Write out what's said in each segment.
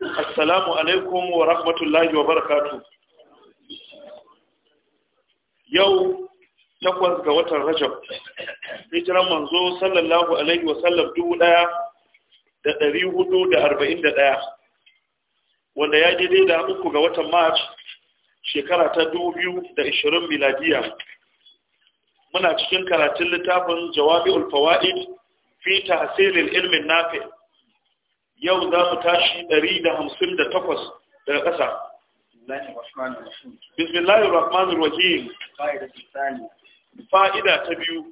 assalamu alaikum wa rahmatullahi wa barakatu yau takwas ga watan rajab hijiran manzo sallallahu alaihi wa sallam dubu ɗaya da dari hudu da arba'in da ɗaya. wanda ya daidai da uku ga watan march shekara ta dubu biyu da ishirin miladiya muna cikin karatun littafin jawabi ulfawa'id fi tahsilil ilmin nafi' yau za mu tashi ɗari da da hamsin takwas daga ƙasa bismillahir rahmanir rahim fa'ida ta biyu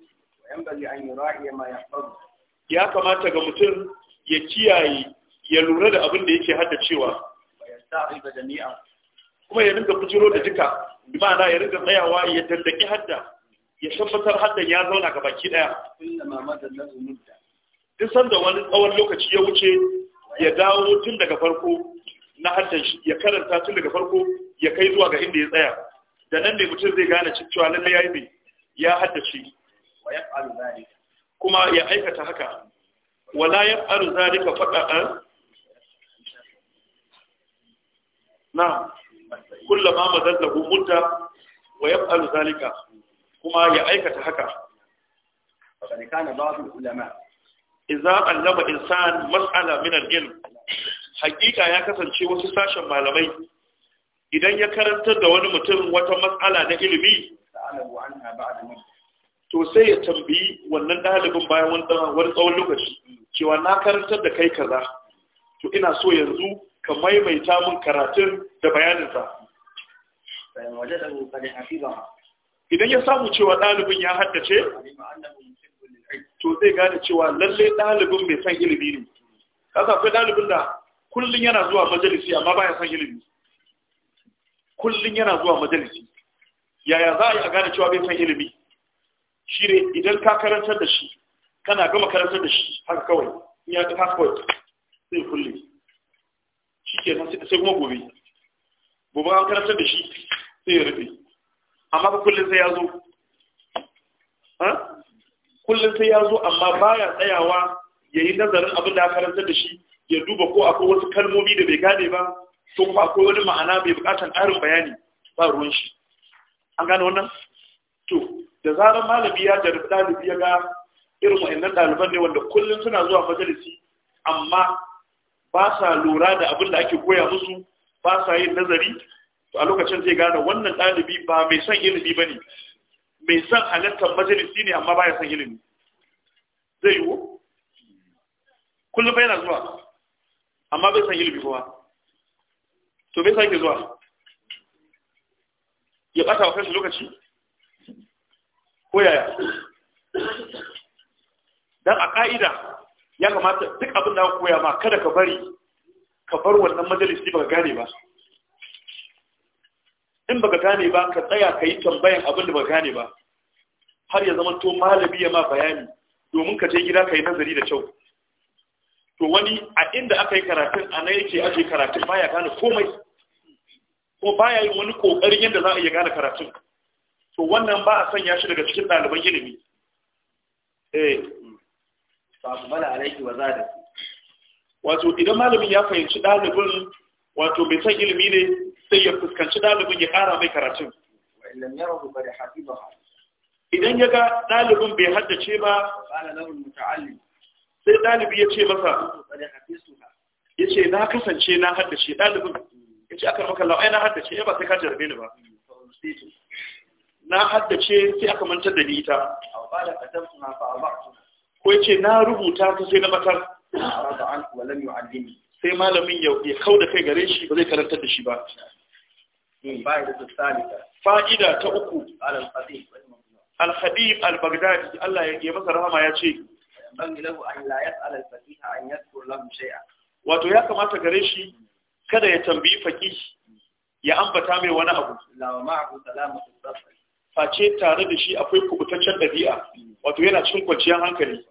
ya kamata ga mutum ya kiyaye ya lura da abin da yake haddacewa kuma ya rinka bujiro da duka bi ma'ana ya rinka tsayawa ya dandaki hadda ya tabbatar haddan ya zauna ga baki ɗaya. duk sanda wani tsawon lokaci ya wuce ya dawo tun daga farko na harshen shi ya karanta tun daga farko ya kai zuwa ga inda ya tsaya da nan ne mutum zai gane cewa lallai ya yi mai ya haddace kuma ya aikata haka wala ya faru zalika faɗa na kullama da mudda wa ya faru zalika kuma ya aikata haka فقد كان بعض العلماء Iza allama insan mas'ala min al-ilm hakika ya kasance wasu sashen malamai idan ya karantar da wani mutum wata mas'ala na ilimi to sai ya tambayi wannan ɗalibin bayan wani tsawon lokaci cewa na karantar da kai kaza to ina so yanzu ka maimaita min karatun da bayanin sa. idan ya samu cewa ɗalibin ya haddace to zai gane cewa lalle ɗalibin mai son ilimi ne kasa akwai ɗalibin da kullum yana zuwa majalisi amma baya son ilimi kullum yana zuwa majalisi yaya za a yi a gane cewa bai son ilimi shi ne idan ka karantar da shi kana gama karantar da shi haka kawai in ya ta kawai sai kulle shi ke sai kuma gobe gobe an karantar da shi sai ya rufe amma ka kullum sai ya zo kullum sai ya zo amma baya tsayawa ya yi nazarin abin da karanta da shi ya duba ko akwai wasu kalmomi da bai gane ba ko kuma akwai wani ma'ana bai bukatar ƙarin bayani ba ruwan shi an gane wannan to da zarar malami ya da ɗalibi ya ga irin wa'annan ɗaliban ne wanda kullum suna zuwa majalisi amma ba sa lura da abin da ake koya musu ba sa yin nazari to a lokacin zai gane wannan ɗalibi ba mai son ilimi ba ne mai san halittar majalisi ne amma baya son ilimi zai yiwu kullum bai yana zuwa amma bai son ilimi kuma to bai sake zuwa ya ɓata wa kansu lokaci ko yaya dan a ƙa'ida ya kamata duk abin da koya ma kada ka bari ka bar wannan majalisi ba ka gane ba in baka gane ba ka tsaya ka yi tambayan abin da baka gane ba har ya zama to malami ya ma bayani domin ka je gida ka yi nazari da kyau to wani a inda aka yi karatun a nan yake ake karatun baya gane komai ko baya yin wani kokarin yadda za a iya gane karatun to wannan ba a sanya shi daga cikin ɗaliban ilimi eh fa mala alaiki wa zada wato idan malamin ya fahimci ɗalibin wato bai san ilimi ne sai ya fuskanci ɗalibin ya ƙara mai karatun idan ya ga ɗalibin bai haddace ba sai ɗalibi ya ce masa ya ce na kasance na haddace ɗalibin ya ce aka maka la'ai na haddace ya ba sai ka jarabe ni ba na haddace sai aka mantar da ni ita ko ya ce na rubuta ta sai na matar sai malamin ya kau da kai gare shi ba zai karantar da shi ba fa'ida ta uku al-khabib al-baghdadi Allah ya ke masa rahama ya ce wato ya kamata gare shi kada ya tambayi faƙi ya ambata mai wani abu face tare da shi akwai kubutaccen ɗabi'a wato yana cikin kwanciyar hankali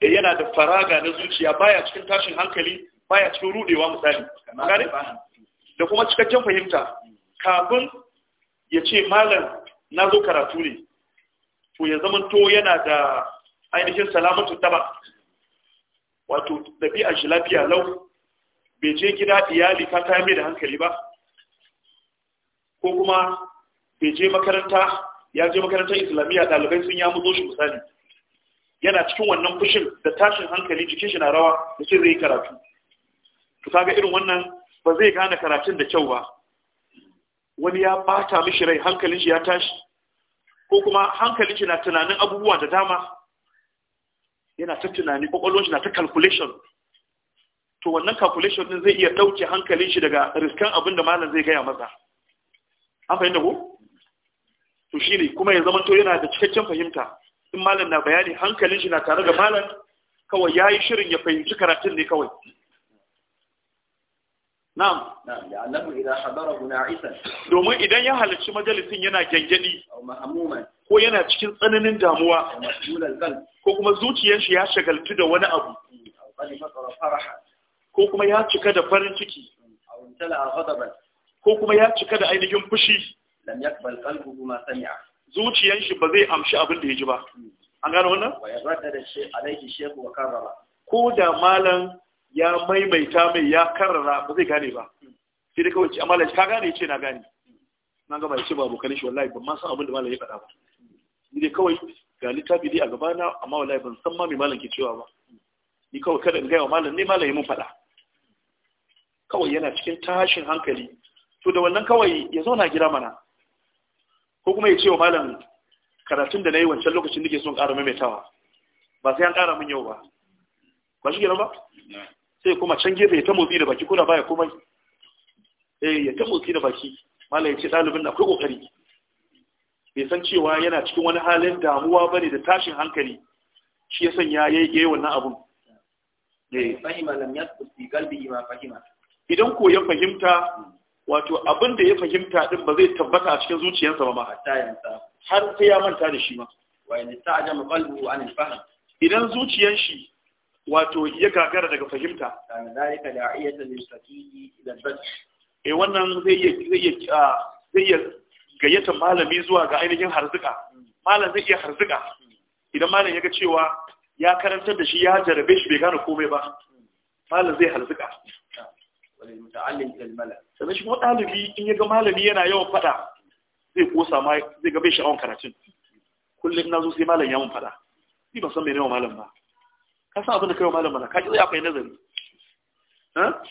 yana da faraga na zuciya baya cikin tashin hankali baya cikin rudewa misali da kuma cikakken fahimta kafin ya ce malam na zo karatu ne to ya zama to yana da ainihin salamatu taba wato ɗabi'a shi lafiya lau bai je gida iyali ta ta da hankali ba ko kuma bai je makaranta ya je makarantar islamiyya dalibai sun ya muzo shi misali yana cikin wannan fushin da tashin hankali jikin shi na rawa da sai zai karatu to kaga irin wannan ba zai gane karatun da kyau ba wani ya bata mishi rai hankalin shi ya tashi ko kuma hankalin shi na tunanin abubuwa da dama yana ta tunani kwakwalwar shi na ta calculation to wannan calculation din zai iya dauke hankalin shi daga riskan abin da malam zai gaya masa an fahimta ko to shine kuma ya zama to yana da cikakken fahimta in malam na bayani hankalin shi na tare da malam kawai yayi shirin ya fahimci karatun ne kawai na'am la'annahu idha hadarahu isa domin idan ya halarci majalisin yana gangadi ko yana cikin tsananin damuwa ko kuma zuciyar ya shagaltu da wani abu ko kuma ya cika da farin ciki ko kuma ya cika da ainihin fushi lam ba zai amshi abin da ya ji ba hmm. an gano wannan ko da malam ya maimaita mai ya karara ba zai gane ba sai dai kawai ce amma ka gane ce na gane na gaba ya ce ba abokan shi wallahi ban ma san abin da malam ya faɗa ba ni dai kawai ga littafi dai a gaba na amma wallahi ban san ma mai malam ke cewa ba ni kawai kada in gaya wa malam ne malam ya mun faɗa kawai yana cikin tashin hankali to da wannan kawai ya zauna gida mana ko kuma ya ce wa malam karatun da na yi wancan lokacin nake son ƙara maimaitawa ba sai an ƙara min yau ba ba shi ba sai kuma can gefe ya ta motsi da baki kuna baya komai eh ya ta motsi da baki mallam ya ce ɗalibin na akwai ƙoƙari bai san cewa yana cikin wani halin damuwa bane da tashin hankali shi ya sanya ya yi wannan abun eh. idan ko ya fahimta wato abin da ya fahimta din ba zai tabbata a cikin zuciyarsa ba ma har sai ya manta da shi ma idan zuciyar shi wato ya gagara daga fahimta zalika eh wannan zai iya zai iya ah, zai iya gayyata malami zuwa ga ainihin harzuka malam zai iya harzuka idan malam ya ga cewa ya karantar da shi ya jarabe shi bai gane komai ba malam zai harzuka sannan shi kuma ɗalibi in ya ga malami yana yawan faɗa zai kosa ma zai ga bai sha'awan karatun kullum na zo sai malam ya mun faɗa ni ban san mai nawa malam ba ka san abin da kai wa malam mana ka ki tsaya kai nazari ha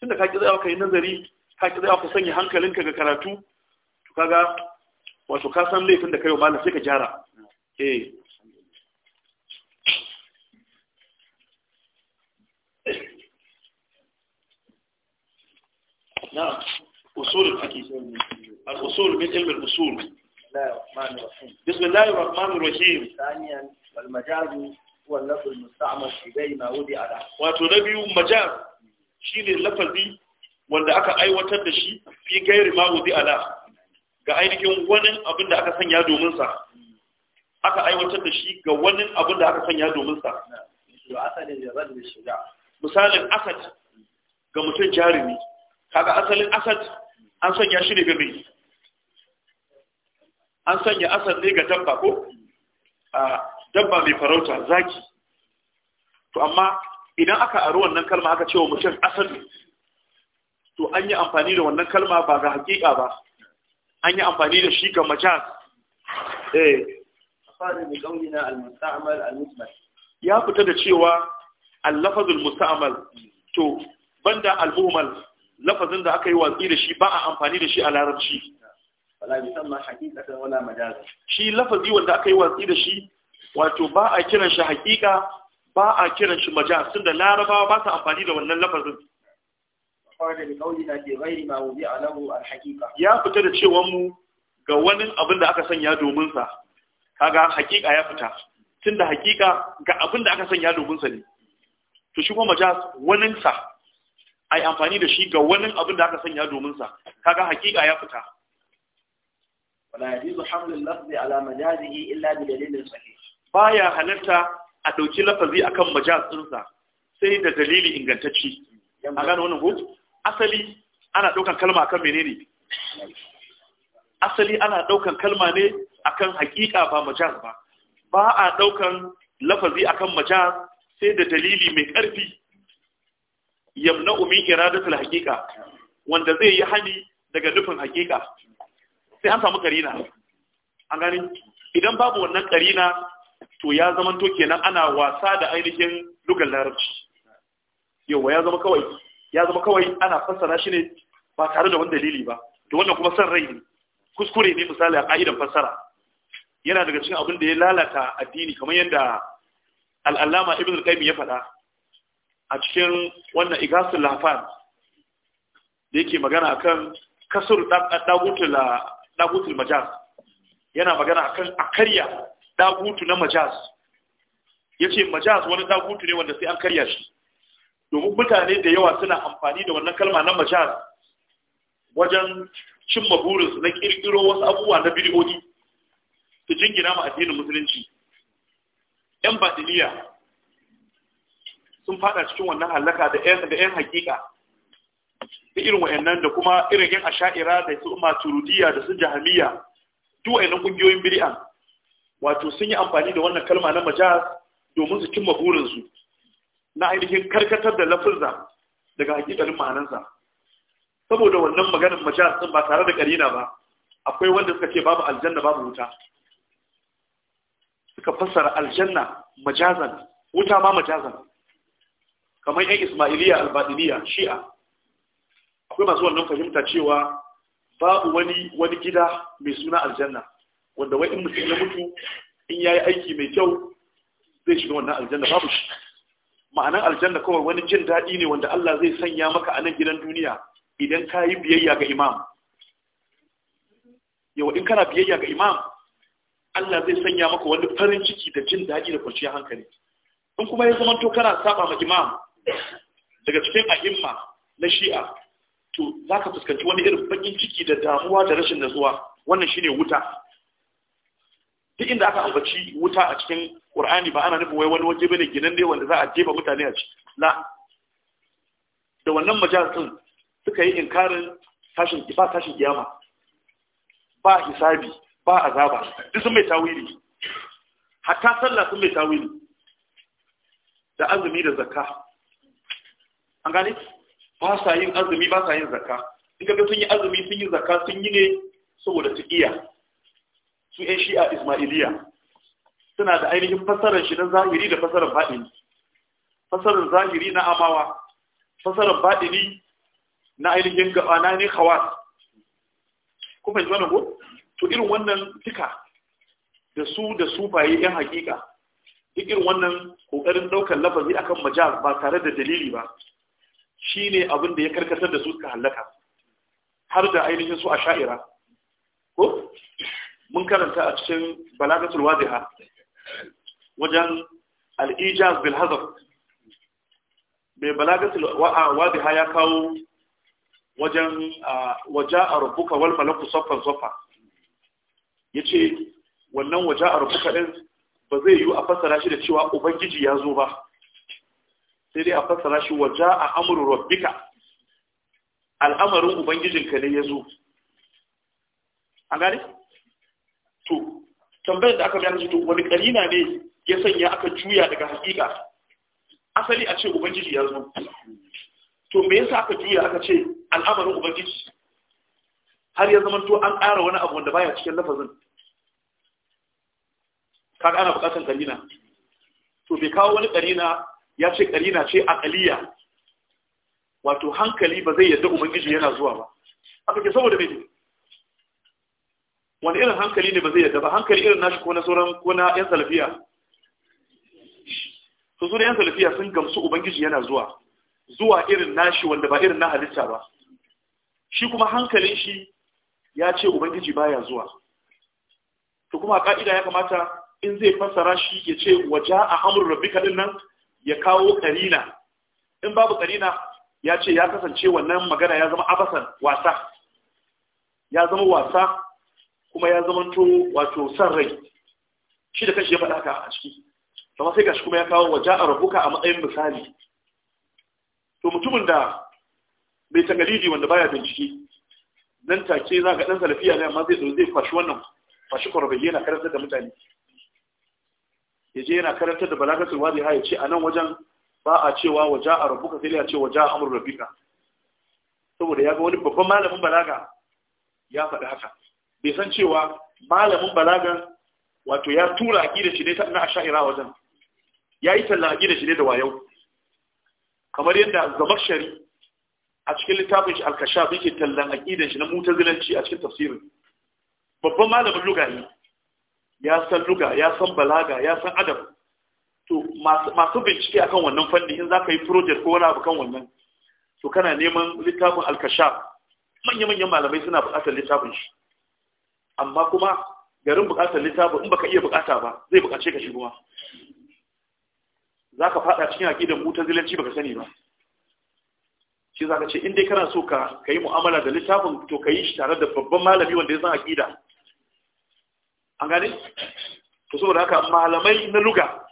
tunda ka ki tsaya kai nazari ka ki tsaya ka sanya hankalinka ga karatu to kaga wato ka san laifin da kai wa malam sai ka gyara eh نعم أصول الحديث الأصول من علم الأصول بسم الله الرحمن الرحيم ثانيا والمجاز Wato المستعمل إليه ما وضع له وتنبي wanda aka aiwatar da shi fi gairi ma wudi ala ga ainihin wani abin da aka sanya domin sa aka aiwatar da shi ga wani abin da aka sanya domin sa misalin asad ga mutum jarumi kaga asalin asad an sanya shi ne ga mai an sanya asad ne ga dabba ko dabba mai farauta zaki to amma idan aka aro wannan kalma aka ce wa mutum asadu to an yi amfani da wannan kalma ba ga hakika ba an yi amfani da shi ga majaz eh. ya fita da cewa al-lafazul musta'mal to banda al-muhmal lafazin da aka yi watsi da shi ba a amfani da shi a larabci shi lafazi wanda aka yi watsi da shi wato ba a kiran shi haƙiƙa ba a kiran shi maja sun da larabawa ba su amfani da wannan lafazin ya fita da cewan mu ga wani abin da aka sanya domin sa kaga haƙiƙa ya fita tun da haƙiƙa ga abin da aka sanya domin sa ne to shi kuma maja wani sa ai amfani da shi ga wani abin da aka sanya domin sa kaga haƙiƙa ya fita wala yajuzu hamlu lafzi ala majazihi illa bi dalilin sahih baya halatta a ɗauki lafazi akan majaz ɗinsa sai da dalili ingantacci a gane wannan ko asali ana ɗaukan kalma akan menene asali ana ɗaukan kalma ne akan hakika ba majaz ba ba a ɗaukan lafazi akan majaz sai da dalili mai ƙarfi yamna umin iradatul hakika wanda zai yi hani daga nufin hakika sai an samu karina an gani idan babu wannan karina to ya zama to kenan ana wasa da ainihin lugar larabci yawa ya zama kawai ya zama kawai ana fassara shi ne ba tare da wani dalili ba to wannan kuma san rai ne kuskure ne misali a ƙa'idan fassara yana daga cikin abin da ya lalata addini kamar yadda al'allama ibn al ya faɗa a cikin wannan igasul lafan da yake magana akan kasur dagutul dagutul yana magana akan akarya dagutu na majaz ya ce majaz wani dagutu ne wanda sai an karya shi domin mutane da yawa suna amfani da wannan kalma na majaz wajen cimma burinsu na kirkiro wasu abubuwa na bidiyoyi su jingina ma addinin musulunci yan badiliya sun fada cikin wannan halaka da yan da hakika da irin wayannan da kuma irin yan asha'ira da su turudiya da su jahamiya duk wayannan kungiyoyin bid'a wato sun yi amfani da wannan kalma na majaz domin su cimma burinsu na ainihin karkatar da lafuzza daga hakikalin ma'anansa saboda wannan maganar majaz din ba tare da karina ba akwai wanda suka ce babu aljanna babu wuta suka fassara aljanna majazan wuta ma majazan kamar yan ismailiya albadiliya shi'a akwai masu wannan fahimta cewa babu wani wani gida mai suna aljanna wanda wai in mutum ya mutu in ya yi aiki mai kyau zai shiga wannan aljanna babu shi ma'anar aljanna kawai wani jin daɗi ne wanda Allah zai sanya maka a nan gidan duniya idan ka yi biyayya ga imam yau in kana biyayya ga imam Allah zai sanya maka wani farin ciki da jin daɗi da kwanciyar hankali in kuma ya zama to kana saba ma imam daga cikin a'imma na shi'a to za ka fuskanci wani irin bakin ciki da damuwa da rashin natsuwa, wannan shine wuta duk inda aka ambaci wuta a cikin Qur'ani ba ana nufin wai wani waje bane gidan ne wanda za a jefa mutane a ciki la da wannan majalis din suka yi inkarin tashin ba tashin kiyama ba hisabi ba azaba duk sun mai tawili hatta sallah sun mai tawili da azumi da zakka an gane ba sa yin azumi ba sa yin zakka in ga sun yi azumi sun yi zakka sun yi ne saboda su iya su ‘yan a Ismailiya suna da ainihin fasarar shi na zahiri da fasarar baɗini. Fasarar zahiri na amawa, fasarar baɗini na ainihin gaba na ne khawas. Kuma yi wannan ko? To irin wannan fika da su da su sufaye ‘yan hakika, duk irin wannan ƙoƙarin ɗaukar lafazi akan majal ba tare da dalili ba, shi ne abin da ya karkatar da su suka hallaka, har da ainihin su a sha'ira. Ko? mun karanta a cikin balagatul wadiha wajen al-ijaz bil hazaf mai balagatul wadiha ya kawo wajen waja a rubuka wal malaku soffan soffa ya ce wannan waja a rubuka ɗin ba zai yi a fassara shi da cewa ubangiji ya zo ba sai dai a fassara shi waja a amurin rabbika al'amarin ubangijinka ne ya zo a gani? to tambayar da aka bayar shi to wani karina ne ya sanya aka juya daga hakika asali a ce ubangiji ya zo to me yasa aka juya aka ce al'amarin ubangiji har ya zama to an ƙara wani abu wanda baya cikin lafazin ka ana buƙatar karina to bai kawo wani karina ya ce karina ce aqaliya wato hankali ba zai yadda ubangiji yana zuwa ba aka ce saboda me wani irin hankali ne ba zai yadda ba hankali irin nashi ko na sauran ko na yan salafiya su su da yan salafiya sun gamsu ubangiji yana zuwa zuwa irin nashi wanda ba irin na halitta ba shi kuma hankalin shi ya ce ubangiji baya zuwa to kuma ka'ida ya kamata in zai fassara shi ya ce waja a amur rabbika din nan ya kawo karina in babu karina ya ce ya kasance wannan magana ya zama abasan wasa ya zama wasa kuma ya zama to wato san rai shi da kashi ya faɗa ka a ciki kamar sai gashi kuma ya kawo waje a rabuka a matsayin misali to mutumin da bai takalidi wanda baya bincike nan take za ga ɗan salafiya ne amma zai zo zai fashi wannan fashi kwarbaye yana karantar da mutane ya je yana karantar da balagatul wadi ha ya ce a nan wajen ba a cewa waje a rabuka sai ya ce wa a amur rabbika saboda ya ga wani babban malamin balaga ya faɗi haka bai san cewa malamin balagan wato ya tura aƙida shi ne ta na asha'ira wajen ya yi talla aƙida shi ne da wayau kamar yadda zamakshari a cikin littafin shi alkashaf yake tallan aƙidan shi na mutazilanci a cikin tafsirin babban malamin luga ne ya san luga ya san balaga ya san adab to masu bincike akan wannan fanni in za ka yi project ko wani abu kan wannan to kana neman littafin alkashaf manya-manyan malamai suna buƙatar littafin shi amma kuma garin bukatar littafin in baka iya bukata ba zai bukace ka shi kuma za ka fada cikin aƙidar mutazilanci baka sani ba shi za ka ce in dai kana so ka yi mu'amala da littafin to ka yi shi tare da babban malami wanda ya san aƙida an gane to saboda haka malamai na luga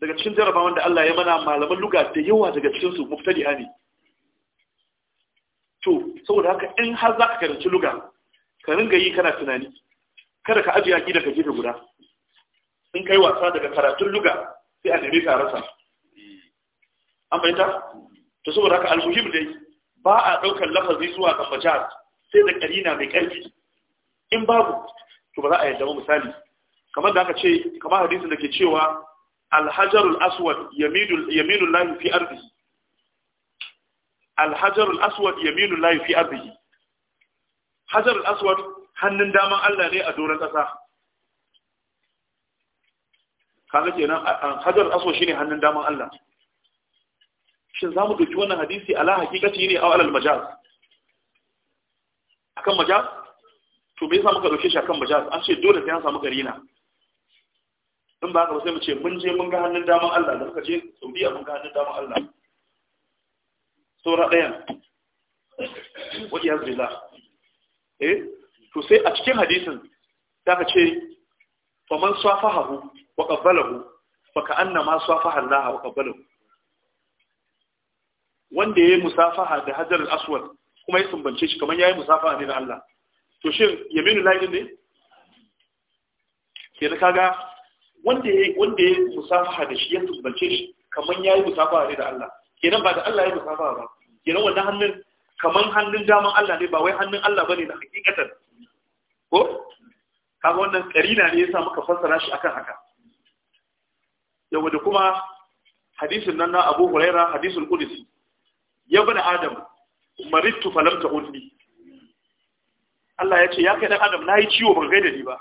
daga cikin jaraba wanda Allah ya mana malaman luga da yawa daga cikin su muftadi ne to saboda haka in har za ka karanci luga ka ringa yi kana tunani kada ka ajiye aƙida ka gefe guda in kai wasa daga karatun luga sai a nemi ka rasa an fahimta to saboda haka almuhim dai ba a ɗaukar lafazi zuwa ga majaz sai da karina mai ƙarfi in babu to ba za a yadda ba misali kamar da aka ce kamar hadisin da ke cewa alhajarul aswad yaminul lahi fi ardihi alhajarul aswad yaminul lahi fi ardihi hajar al-aswad hannun daman Allah ne a doron ƙasa kaga kenan hajar al-aswad shine hannun daman Allah shin zamu duki wannan hadisi ala hakikati ne aw alal majaz akan majaz to me yasa muka dauke shi akan majaz an ce dole sai an samu na. in ba haka sai mu ce mun je mun ga hannun daman Allah da muka je Saudiya mun ga hannun daman Allah saura ɗayan wajen ya billah Eh? to sai a cikin hadisin zaka ce faman safahahu wa qabbalahu fa anna ma safaha Allah wa qabbalahu wanda yayi musafaha da Hajar al-Aswad kuma ya sumbance shi kamar yayi musafaha ne da Allah to shin yaminu lahi ne ke da kaga wanda yayi wanda yayi musafaha da shi ya sumbance shi kamar yayi musafaha ne da Allah kenan ba da Allah yayi musafaha ba kenan wannan hannun kaman hannun daman Allah ne ba wai hannun Allah bane na hakikatan ko kaga wannan karina ne yasa muka fassara shi akan haka yawa da kuma hadisin nan na Abu Hurairah hadisul Qudsi ya bani Adam maritu falam ta'udni Allah ya ce ya kai dan Adam nayi ciwo ban gaida ni ba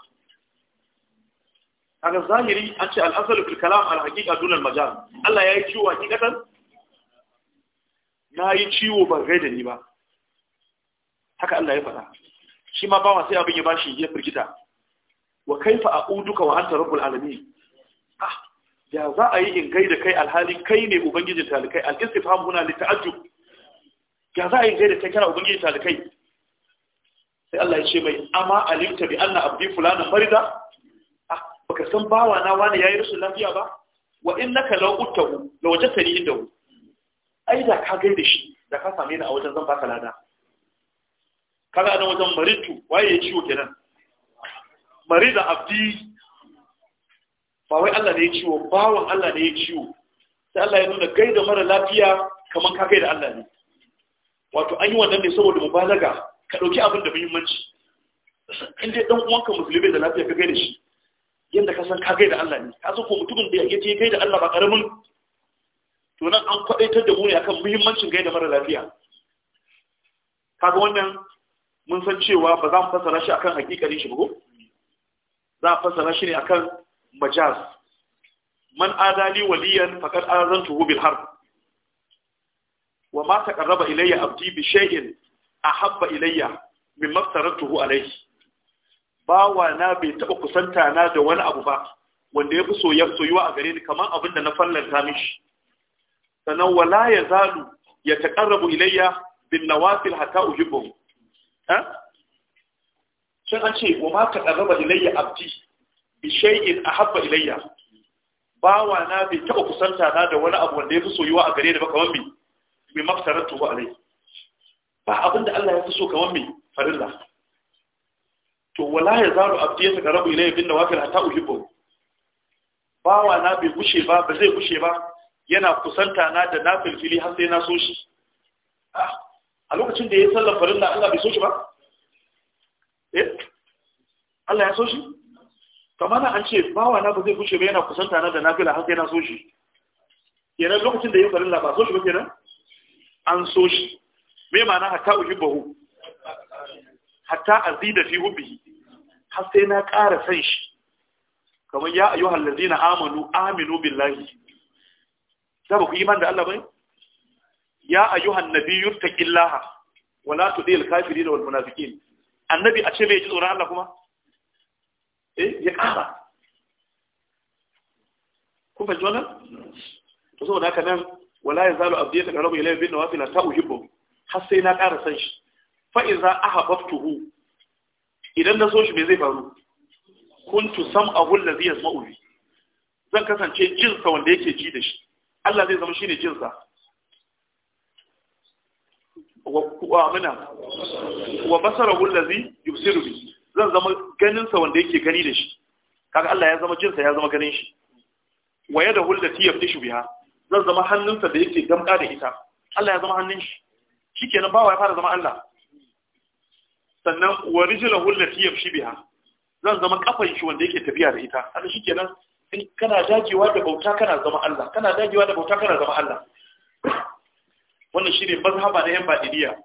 kaga zahiri an ce al-asalu fil kalam al-haqiqa dun al-majal Allah yi ciwo hakikatan nayi ciwo ban gaida ni ba haka Allah ya faɗa shi ma bawa sai abin ya bashi ya firgita wa kaifa a'uduka wa anta rabbul alamin ah ya za a yi in gaida kai alhali kai ne ubangijin talikai al-istifham huna li ta'ajjub ya za a yi in gaida kai kana ubangijin talikai sai Allah ya ce mai amma alimta bi anna abdi fulana farida ah baka san bawa na wani yayi rashin lafiya ba wa innaka law uttahu law jatani indahu aida da ka gaida shi da ka same ni a wajen zan baka lada kaga nan wajen maritu waye ya ciwo kenan marida abdi ba wai Allah ne ya ciwo bawon Allah ne ya ciwo sai Allah ya nuna kai da mara lafiya kamar ka kai da Allah ne wato an yi wannan ne saboda mubalaga ka ɗauki abin da muhimmanci in dai dan uwanka musulmi da lafiya ka kai da shi yadda ka san ka kai da Allah ne ka san ko mutumin da ya kai da Allah ba karamin to nan an kwadaitar da mu ne akan muhimmancin kai da mara lafiya kaga wannan mun san cewa ba za mu fasara shi akan hakikarin shi ba ko za a fasara shi ne akan majaz man adali waliyan faqad azantuhu bil harb wa ma taqarraba ilayya abdi bi shay'in ahabba ilayya mimma tuhu alayhi bawa na bai taba kusanta na da wani abu ba wanda ya fi soyuwa a gare ni kamar abin da na fallanta mishi sannan wala ya zalu ya taqarrabu ilayya bin nawafil hatta uhibbu Shin an ce wa ma ka ɗarraba ilayya abdi bi shay'in haɓa ilayya bawa na bai taɓa kusanta na da wani abu wanda ya fi soyuwa a gare da baka wammi mai maftarar tuba alai ba abin da Allah ya fi so ka wammi farilla to wala ya zaro abdi ya saka rabu ilayya bin nawafil hatta uhibbu bawa na bai gushe ba ba zai gushe ba yana kusanta na da nafil fili har sai na so shi ah, a lokacin da ya yi sallar farin da Allah bai so shi ba eh Allah ya so shi kamar an ce bawa na ba zai kushe ba yana kusanta na da nafila haka yana na so shi Yana lokacin da ya yi farin ba so shi ba kenan an so shi me ma'ana hatta bahu. hatta azida fi hubi. har sai na ƙara san shi kamar ya ayyuhal na amanu aminu billahi da ba ku man da Allah bai? ya ayyuhan nabiyyu taqillaha wa la tudil kafirin wal munafiqin annabi a ce bai ji tsoron Allah kuma eh ya kara kun fahimci wannan to saboda haka nan wala yazalu abdi yataqarrabu ilayya bin nawafil hatta uhibbu har sai na ƙara san shi fa iza idan na so shi me zai faru kuntu sam'ahu allazi yasma'u zan kasance jinsa wanda yake ji da shi Allah zai zama shine jinsa wa wa basara allazi yubsiru bi zan zama ganin sa wanda yake gani da shi kaga Allah ya zama jin sa ya zama ganin shi wa yada allati yaftishu biha zan zama hannun sa da yake gamka da ita Allah ya zama hannun shi shikenan bawa ya fara zama Allah sannan wa rijluhu allati yamshi biha zan zama kafan shi wanda yake tafiya da ita haka shikenan kana dajewa da bauta kana zama Allah kana dagewa da bauta kana zama Allah wannan shine mazhaba na yan badiliya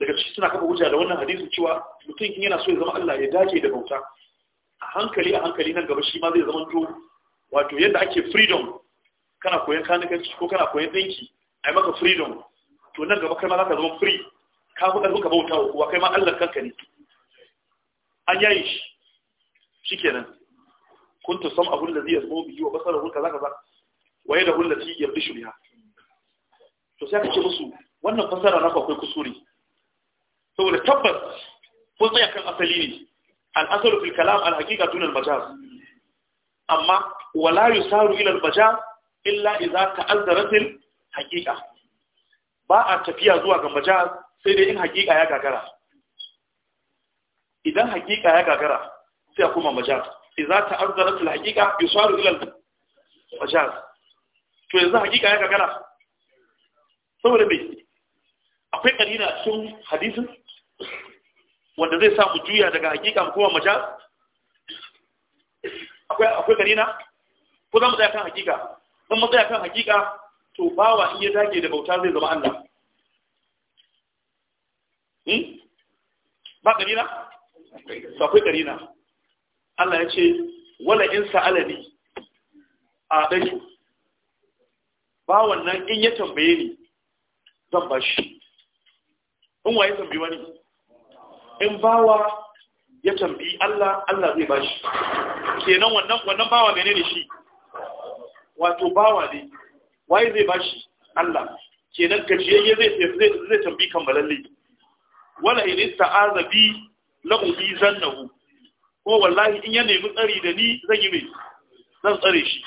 daga ciki suna kafa hujja da wannan hadisin cewa mutum in yana so ya zama Allah ya dace da bauta a hankali a hankali nan gaba shi ma zai zama to wato yadda ake freedom kana koyan kanikanci ko kana koyan dinki ai maka freedom to nan gaba kai ma zaka zama free ka fi ƙarfin ka bauta wa kuwa kai ma Allah kanka ne an yayi shi shikenan kuntu sam abun da zai yasmo biyu wa basara hulka kaza ba waye da hulati yabdi shuriha to sai ka ce musu wannan fasara na akwai kusuri saboda tabbas kun tsaya kan asali ne Al'asar fil kalam al haqiqa dun al majaz amma wala yusaru ila al majaz illa idza ta'azzarat al haqiqa ba a tafiya zuwa ga majaz sai dai in haqiqa ya gagara idan haqiqa ya gagara sai kuma majaz idza ta'azzarat al haqiqa yusaru ila al majaz to yanzu haqiqa ya gagara saboda mai akwai karina cikin hadisin wanda zai samu juya daga hakika kuma majaz akwai akwai karina ko za mu tsaya kan hakika in mu tsaya kan hakika to bawa iya dage da bauta zai zama Allah hmm? ba karina to akwai karina Allah ya ce wala in ne a dai ba wannan in ya tambaye ni zan ba shi in waye tambi wani in bawa ya tambi Allah Allah zai ba shi kenan wannan wannan bawa menene shi wato bawa ne waye zai ba shi Allah kenan gajiyayye zai zai tambi kammalalle wala in ista'aza bi lahu bi zannahu ko wallahi in ya nemi tsari da ni zan yi mai zan tsare shi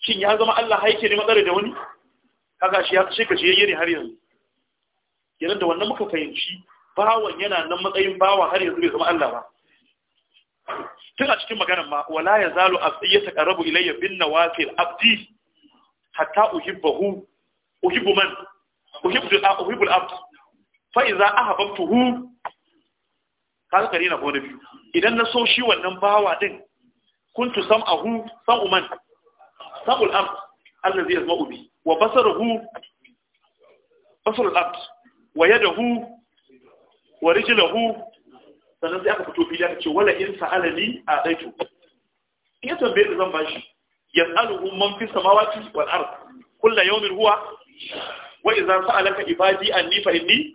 shin ya zama Allah haike ne matsare da wani kaga shi ya shi ka shi ne har yanzu kenan da wannan muka fahimci bawan yana nan matsayin bawa har yanzu bai zama Allah ba tun a cikin maganar ma wala ya zalu abdi ya taqarrabu ilayya bin nawafil abdi hatta uhibbahu uhibbu man uhibbu uhibbu al-abd fa idza ahabbtuhu kaga kare na gona biyu idan na so shi wannan bawa din kuntu sam'ahu sam'u man sam'ul abd allazi yasma'u bi wa basaruhu basarul abd wa yadahu wa rijluhu sannan sai aka fito fili aka ce wala in sa'alani a daitu in bai tambaye da zan bashi yas'aluhu man fi samawati wal ard kullu yawmin huwa wa idza sa'alaka ibadi anni fa inni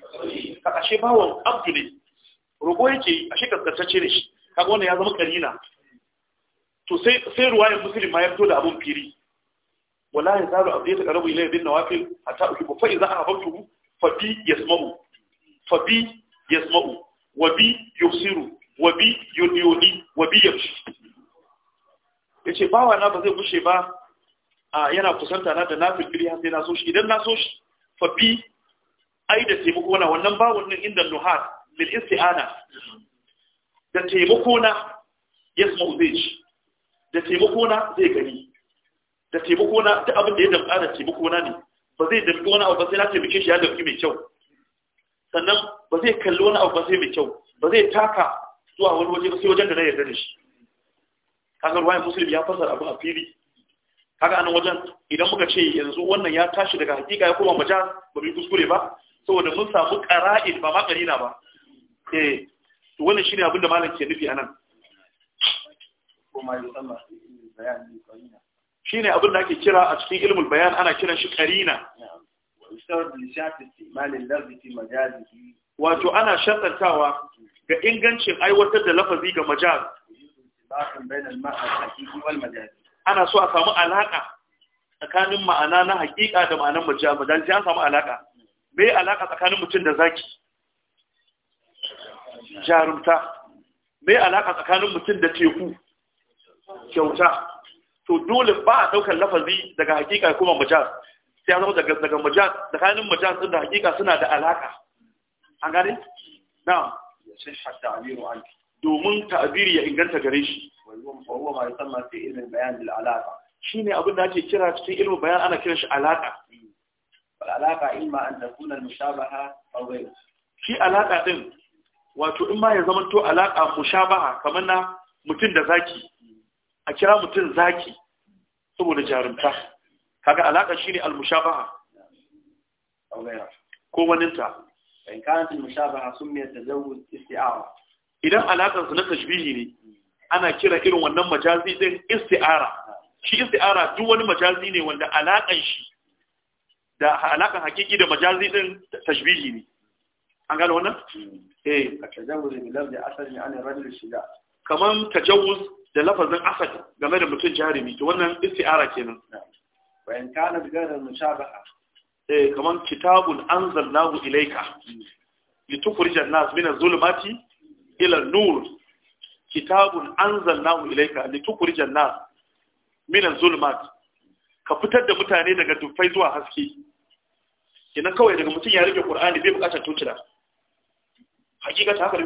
ka ashe bawon abdu ne roƙo yake ashe kaskantacce ne shi kaga wannan ya zama karina to sai sai ruwayar muslim ma ya fito da abun firi wala ya zalu abdi ta karabu ilayhi bin nawafil hatta ukibu fa idza ahabtu fa bi yasma'u fa bi yasma'u wa bi yusiru wa bi yudiyudi wa bi yamshi yace wa na ba zai bushe ba yana kusanta na da nafil biri har sai na so shi idan na so shi fa bi ai da taimako na wannan bawon nan inda nuhat bil isti'ana da taimako na yasma'u zai da taimako na zai gani da taimako na ta abin da ya damƙa da taimako na ne ba zai damƙi wani abu ba sai na taimake shi ya damƙi mai kyau sannan ba zai kalli wani abu ba sai mai kyau ba zai taka zuwa wani waje ba sai wajen da na yarda da shi kaga ruwayan muslim ya fasar abu a fili kaga anan wajen idan muka ce yanzu wannan ya tashi daga hakika ya koma majaz ba mu kuskure ba saboda mun samu qara'in ba ma ba eh to wannan shine abin da malam ke nufi anan kuma bayani shine abin da ake kira a cikin ilmul bayan ana kiran shi karina wato ana shantantawa ga ingancin aiwatar da lafazi ga majaz ana so a samu alaka tsakanin ma'ana na hakika da ma'anar majaz majaz an samu alaka me alaka tsakanin mutum da zaki jarumta me alaka tsakanin mutum da teku kyauta to dole ba a daukar lafazi daga hakika kuma majaz sai zama daga daga majaz tsakanin majaz din da hakika suna da alaka an gane Na. ya sai hatta amiru an domin ta'biri ya inganta gare shi wa ma yusamma fi ilmin bayan al alaka shine abin da ake kira cikin ilmin bayan ana kira shi alaka wal alaka imma an takuna al mushabaha aw ghayr shi alaka din wato in ma ya zama to alaka mushabaha kamar na mutum da zaki a kira mutum zaki saboda jarumta kaga alaka shine al-mushabaha ko waninta in kana tin mushabaha sumiyat tazawwud isti'ara idan alakan su na tashbihi ne ana kira irin wannan majazi din isti'ara shi isti'ara duk wani majazi ne wanda alakan shi da alakan hakiki da majazi din tashbihi ne an gano wannan hmm. eh tajawuz bil lafzi asali an rajul shida kaman tajawuz da lafazin asad game da mutum jarumi to wannan isti'ara kenan bayan kana bigara mushabaha eh kaman kitabun anzalnahu ilayka litukhrijan nas min az-zulumati ila an-nur kitabun anzalnahu ilayka litukhrijan nas min az-zulumati ka fitar da mutane daga dufai zuwa haske Ina kawai daga mutum ya rike qur'ani bai bukatar tutula hakika ta haka ne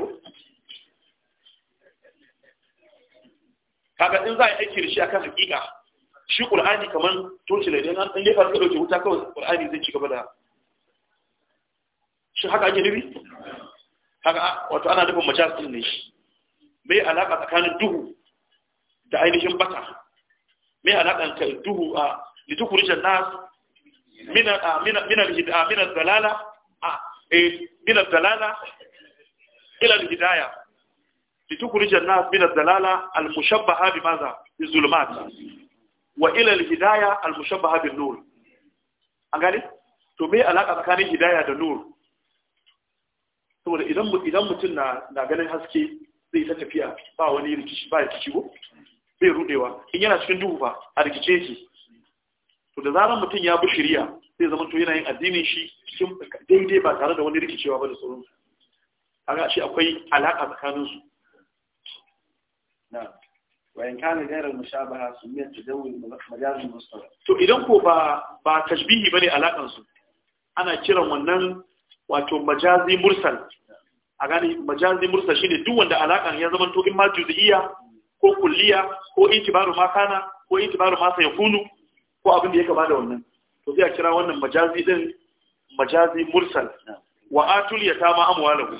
kaga in za a yi aiki da shi akan hakika shi qur'ani kaman toci da idan an lefa ka dauke wuta kawai qur'ani zai ci gaba da shi haka ake nufi haka wato ana nufin majas ne shi mai alaka tsakanin duhu da ainihin bata mai alakan ka duhu a litukuri nas min min dalala a eh min dalala ila hidayah لتخرج الناس من الدلالة المشبهة بماذا؟ بالظلمات وإلى الهداية المشبهة بالنور أنغاني؟ تومي علاقة tsakanin hidaya da nur saboda idan idan mutum na na ganin haske zai ta tafiya ba wani rikici ba rikici ko zai rudewa in yana cikin duhu ba a rikice yake to da zarar mutum ya bi shari'a zai zama to yana yin addinin shi cikin daidai ba tare da wani rikicewa ba da sauransu A kaga shi akwai alaka tsakanin su na'am wayan gairar mushabaha sumiyar tajawul majazin mustawa to idan ko ba ba tashbihi bane alakan ana kiran wannan wato majazi mursal a gane majazi mursal shine duk wanda alakan ya zama to in ma juz'iyya ko kulliya ko intibaru ma kana ko intibaru ma sayakunu ko abin da ya kama da wannan to sai a kira wannan majazi din majazi mursal wa atul yatama amwalahu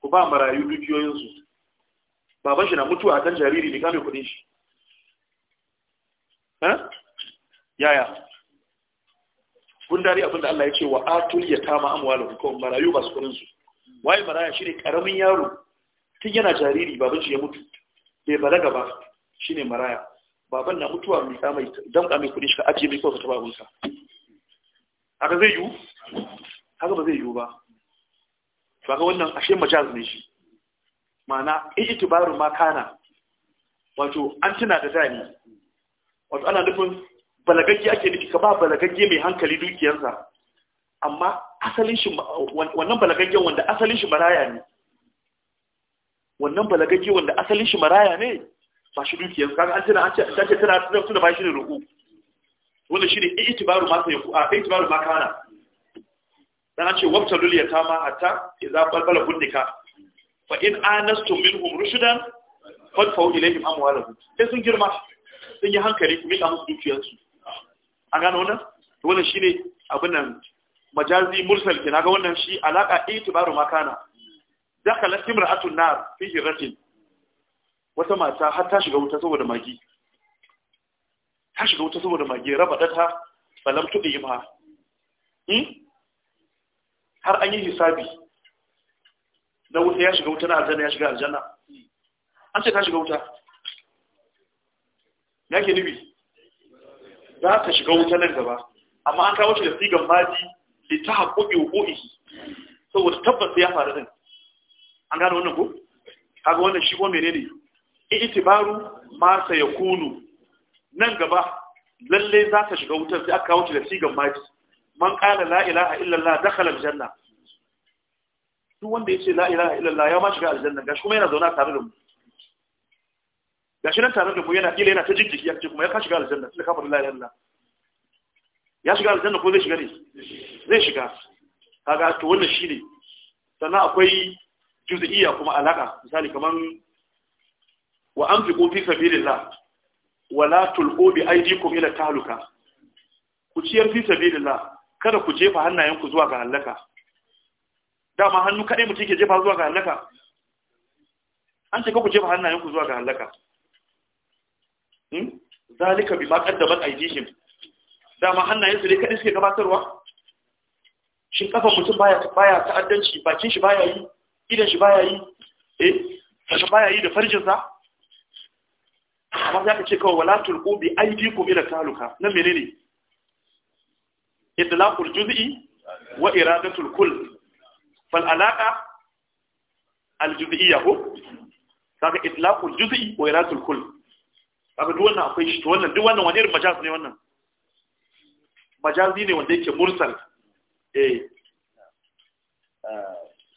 ku ba marayu dukiyoyinsu baban shi na mutuwa kan jariri ne kame kudin shi yaya kun dare abinda Allah ya ce wa atul yatama amwalukum kawai marayu ba su kudin su waye maraya ne karamin yaro tun yana jariri baban shi ya mutu bai balaga ba shine maraya baban na mutuwa mai tsamai dan kame kudin shi ka ajiye mai kawai ka taba abunsa haka zai yiwu haka ba zai yiwu ba to haka wannan ashe majaz ne shi ma'ana ijtibaru ma kana wato an tuna da dani wato ana nufin balagagge ake nufi ka ba balagagge mai hankali dukiyarsa amma asalin shi wannan balagaggen wanda asalin shi maraya ne wannan balagagge wanda asalin shi maraya ne ba shi dukiyarsa kaga an tuna an ce ta ce tana tuna ba shi ne ruku wanda shi ne itibaru ma sai a itibaru ma kana dan an ce wabtalul yatama hatta idza balbala gundika fa in anastu minhum rushdan fadfa'u ilayhim amwalahum sai sun girma sun yi hankali ku su musu dukiyarsu an gano wannan to wannan shine abin nan majazi mursal kenan ga wannan shi alaka itibaru makana dakala imra'atun nar fi hiratin wata mata har ta shiga wuta saboda magi ta shiga wuta saboda magi raba data balam tudi ma hmm? har an yi hisabi na wuta ya shiga wuta na aljanna ya shiga aljanna an ce ka shiga wuta ya ke nubi za ka shiga wuta nan gaba amma an kawo shi da sigan maji da ta haƙoƙi hukuri saboda tabbas ya faru din an gano wannan ko kaga wannan shi ko menene itibaru ma sa kunu. nan gaba lalle za ka shiga wutar sai aka kawo shi da sigan maji man qala la ilaha illallah allah dakhala aljanna duk wanda ya ce la illallah ya ma shiga aljanna gashi kuma yana zauna tare da mu gashi nan tare da mu yana kila yana ta jijjiki ya ce kuma ya ka shiga aljanna tun ka faɗi la illallah ya shiga aljanna ko zai shiga ne zai shiga kaga to wannan shine sannan akwai juz'iyya kuma alaka misali kaman wa anfiqu fi sabilillah wa la tulqu bi aydikum ila tahluka ku ciyar fi sabilillah kada ku jefa hannayenku zuwa ga halaka dama hannu kaɗai mutum ke jefa zuwa ga halaka an ce ku jefa hannayenku zuwa ga halaka hmm? zalika bi ma qaddamat aydihim dama hannayensu ne kaɗai suke gabatarwa shi kafan mutum baya ta'addanci bakin shi baya yi idan shi baya yi eh baya yi da farjinsa amma za ka ce kawai wala tulqu bi aydikum ila taluka nan menene idlaqul juz'i wa iradatul kull fal alaqa al juz'iyya ko kaga itlaqul juz'i wa iratul kull kaga duk wannan akwai shi to wannan duk wannan wani irin majaz ne wannan majazi ne wanda yake mursal eh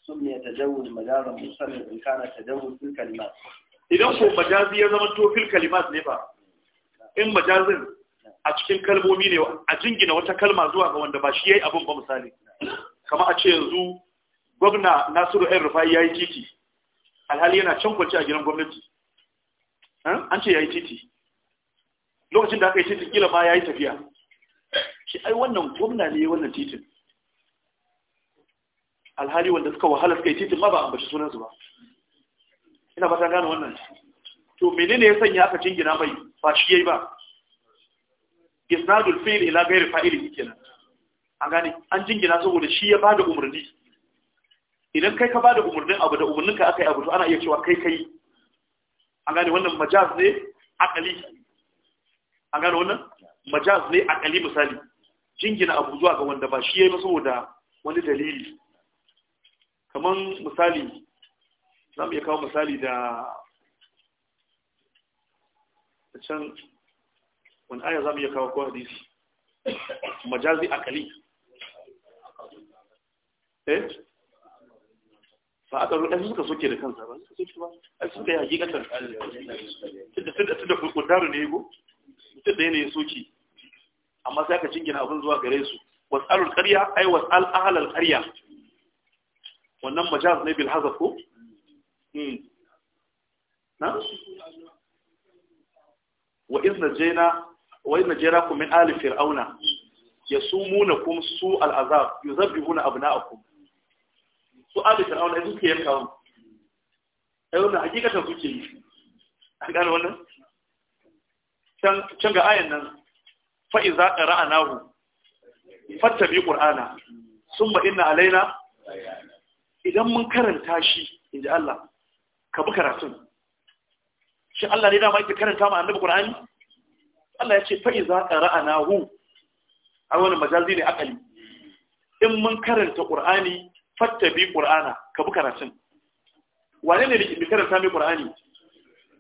سمي تجاوز مجازا مرسلا ان كان تجاوز fil الكلمات idan ko majazi ya zama to fil kalimat ne ba in majazin a cikin kalmomi ne a jingina wata kalma zuwa ga wanda ba shi yayi abun ba misali kama a ce yanzu gwamna nasiru ɗan rufa ya yi titi alhali yana can kwanci a gidan gwamnati an ce ya yi titi lokacin da aka yi titin kila ma ya yi tafiya shi ai wannan gwamna ne wannan titin alhali wanda suka wahala suka yi titin ma ba a ambaci sunansu ba ina ba ta gane wannan to menene ya sanya aka jingina mai ba shi yayi ba isnadul fi'l ila ghairi fa'ili kenan an gane an jingina saboda shi ya bada umarni idan kai ka bada umarnin abu da umarnin ka aka yi abu to ana iya cewa kai kai an gane wannan majaz ne akali an gane wannan majaz ne akali misali jingina abu zuwa ga wanda ba shi ya yi saboda wani dalili kamar misali za mu iya kawo misali da can wani aya za mu iya kawo ko hadisi majazi akali eh ba aka zo ɗansu suka soke da kansa ba suka soke ba a suka yi hakikatar tunda kundaru ne yago mutum da yanayin soke amma sai aka cingina abin zuwa gare su was'alul ƙarya ai was'al ahalal ƙarya wannan majaz ne bil hazaf ko hmm. na wa iz najayna wa iz najaynakum min ali fir'auna yasumunakum su'al azab yuzabbihuna abna'akum su ali fir'auna yanzu ke yanka wani ai wannan hakikatan suke yi an gane wannan can ga ayan nan fa iza qara'nahu fattabi qur'ana summa inna alaina idan mun karanta shi ji Allah ka bi karatun shi Allah ne dama yake karanta ma annabi qur'ani Allah ya ce fa iza qara'nahu a wannan majalzi ne akali in mun karanta qur'ani fattabi qur'ana ka bi karatun wane ne mai karanta mai qur'ani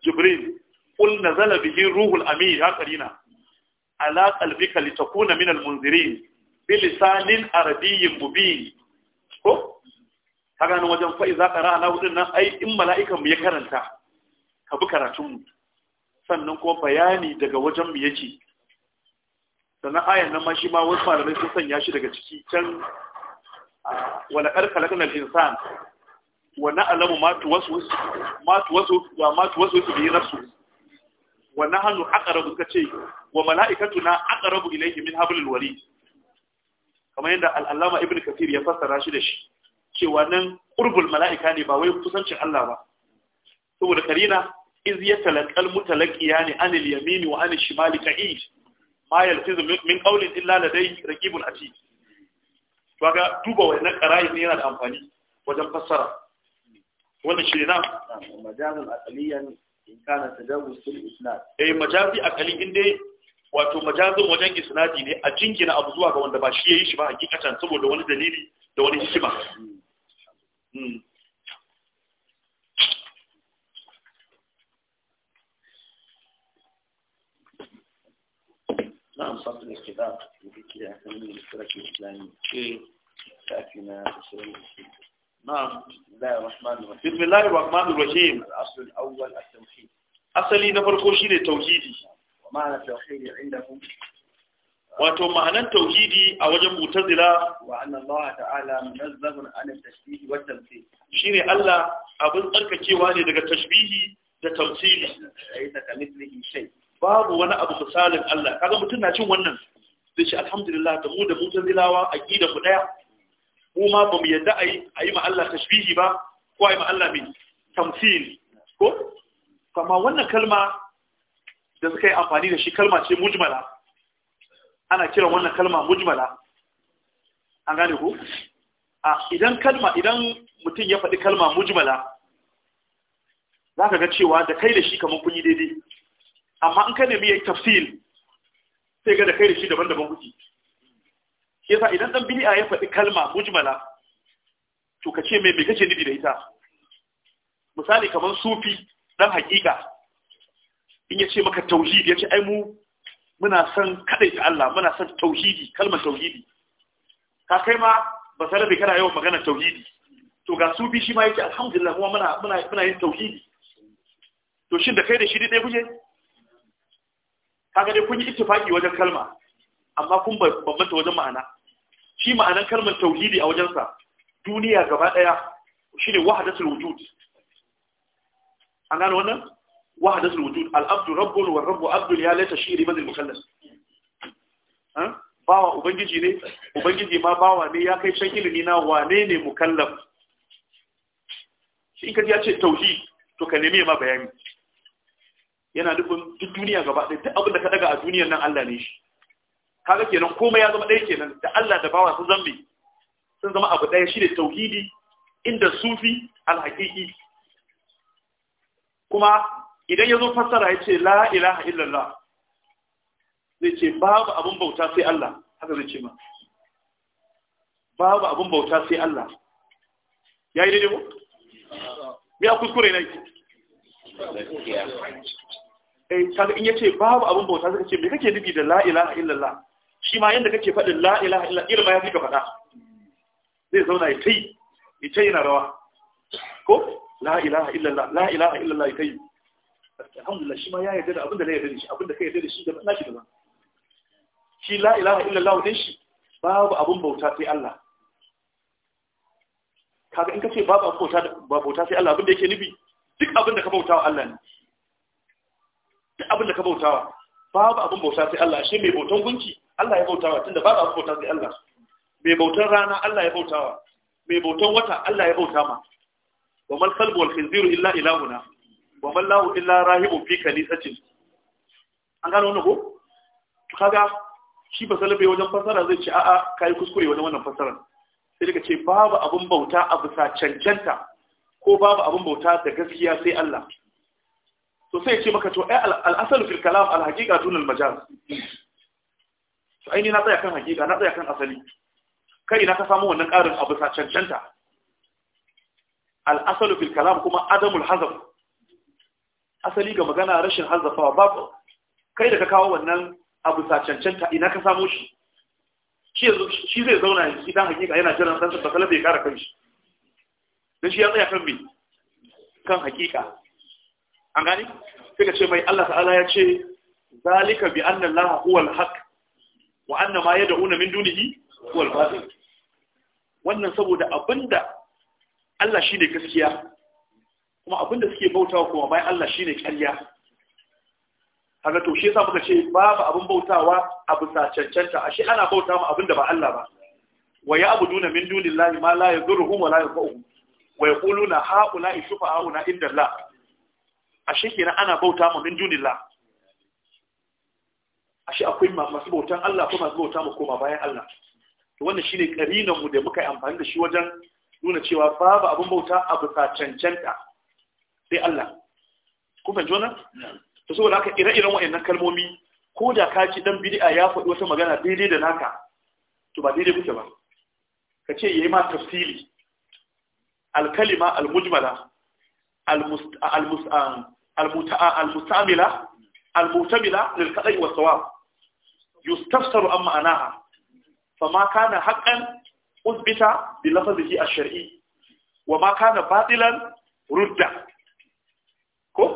jibril qul nazala bihi ruhul amin ya Alakalbi ala qalbika litakuna min almunzirin bi lisanin arabiyyin mubin ko kaga nan wajen fa'i za qara'a na hudun nan ai in mala'ikan mu ya karanta ka bi karatun sannan kuma bayani daga wajen mu yake sannan ayan nan ma shi ma wasu malamai sun sanya shi daga ciki can wala karkalakun al'insan wa na'alamu matu wasu biyu nafsu wa na hannu akarabu ka ce wa mala'ikatu na akarabu ilaihi min hablul wari kamar yadda al'allama ibn kafir ya fassara shi da shi cewa nan ƙurbul mala'ika ne ba wai kusancin Allah ba saboda karina iz ya talakal mutalakiya ne an anil yamini wa anil shimali ka'id ma yaltizu min qawlin illa ladai raqibun atid to duba duba wannan qara'i ne yana da amfani wajen fassara wannan shi ne na majazul aqliyan in kana tajawuz fil isnad eh majazi aqli inda wato majazin wajen isnadi ne a jingina abu zuwa ga wanda ba shi yayi shi ba hakikatan saboda wani dalili da wani hikima hmm. Hmm. Na'am, sabbin الكتاب aiki eh. da hasanin mustarakin islami asali na farko shine tauhidi ma'ana tauhidi wato ma'anar tauhidi a wajen mutazila wa anna Allah ta'ala munazzahun an tashbihi wa tamthil shine Allah abin tsarkakewa ne daga tashbihi da tamthili laysa kamithlihi shay babu wani abu misalin Allah kaga mutun na cin wannan zai ce alhamdulillah da mu da mutazilawa aqida mu daya mu ma ba mu yadda ayi ayi ma Allah tashbihi ba ko ayi ma Allah min. tamthil ko kuma wannan kalma da suka yi amfani da shi kalma ce mujmala ana kiran wannan kalma mujmala an gane ku a idan kalma idan mutum ya faɗi kalma mujmala za ka ga cewa da kai da shi kamar kun yi daidai amma in ka nemi ya tafsil sai ga da kai da shi daban-daban kuke shi yasa idan dan bid'a ya faɗi kalma mujmala to ka ce mai me kace nufi da ita misali kamar sufi dan hakika in ya ce maka tauhid ya ce ai mu muna son kaɗai ta Allah muna son tauhidi kalmar tauhidi ka kai ma ba sa rabe kana yawan maganar tauhidi to ga sufi shi ma yake alhamdulillah kuma muna muna muna yin tauhidi to shin da kai da shi dai kuje kaga dai kun yi ittifaki wajen kalma amma kun bambanta wajen ma'ana shi ma'anan kalmar tauhidi a wajensa duniya gaba daya shine wahdatul wujud an gano wannan wahdatul wujud al-abdu rabbun wa rabbu abdul ya laita shi riban al-mukallaf bawa ubangiji ne ubangiji ma bawa ne ya kai san ilimi na wane ne mukallaf shi in ka ji ya ce tauhid to ka neme ma bayani yana nufin duk duniya gaba ɗaya duk abin da ka daga a duniyar nan Allah ne shi kaga kenan komai ya zama ɗaya kenan da Allah da bawa sun zambe sun zama abu ɗaya shi ne tauhidi inda sufi alhaƙiƙi kuma idan ya zo fassara ya ce la ilaha illallah zai ce babu abin bauta sai Allah haka zai ce ma babu abin bauta sai Allah ya yi daidai ko? ya kuskure na yi eh kaga in yace babu abin bauta sai ce me kake nufi da la ilaha illallah shi ma yanda kake faɗin la ilaha illallah irin ma ya fi ka faɗa zai zauna ya tai ya tai yana rawa ko la ilaha illallah la ilaha illallah ya tai alhamdulillah shi ma ya yarda da abin da na yarda da shi abin da ka yarda da shi da na shi da ba shi la ilaha illallah din shi babu abin bauta sai Allah kaga in ka ce babu abin bauta ba bauta sai Allah abin da yake nufi duk abin da ka bauta wa Allah ne duk abin da ka bautawa babu abin bauta sai Allah shi mai bautan gunki Allah ya bautawa tunda babu abin bauta sai Allah mai bautan rana Allah ya bautawa mai bautan wata Allah ya bauta ma wa mal qalbu wal khinziru illa ilahuna wa mal lahu illa rahibun fi kanisatin an gano wannan ko kaga shi ba salabe wajen fasara zai ce a'a kai kuskure wajen wannan fasara sai daga ce babu abin bauta a bisa cancanta ko babu abin bauta da gaskiya sai Allah to sai ya ce maka to eh, ai al'asal fil kalam al haqiqa dun al majaz to ai ni na tsaya kan haqiqa na tsaya kan asali kai na ka samu wannan karin abu sa cancanta al'asal fil kalam kuma adamul hazaf asali ga magana rashin hazafawa ba kai da ka kawo wannan abu sa cancanta ina ka samu shi shi zai zauna yanzu idan hakika yana jiran ɗansa ba bai kara kan shi don shi ya tsaya kan me kan hakika an gani ka ce mai Allah ta'ala ya ce zalika bi anna Allah huwa al-haq wa anna ma yad'una min dunihi huwa al-batil wannan saboda abinda Allah shine gaskiya kuma abinda suke bautawa kuma bayan Allah shine ƙarya haka to shi yasa muka ce babu abin bautawa a bisa cancanta ashe ana bauta ma abinda ba Allah ba wa ya'buduna min dunillahi ma la yadurruhum wa la yanfa'uhum wa yaquluna ha'ula'i shufa'a'una inda Allah ashe kenan ana bauta mu min dunillah ashe akwai masu bautan Allah ko masu bauta mu koma bayan Allah to wannan shine karinan mu da muka yi amfani da shi wajen nuna cewa babu abin bauta a bisa cancanta sai Allah ku fahimci wannan to saboda haka ire-iren wayannan kalmomi ko da ka ci dan bid'a ya faɗi wata magana daidai da naka to ba daidai kuke ba ka ce yayi ma tafsiri. al-kalima al-mujmala al al-mustamila al-mustamila lil qada'i was sawab yustafsaru amma anaha fama kana usbita bi lafzihi ash-shar'i wa ma rudda ko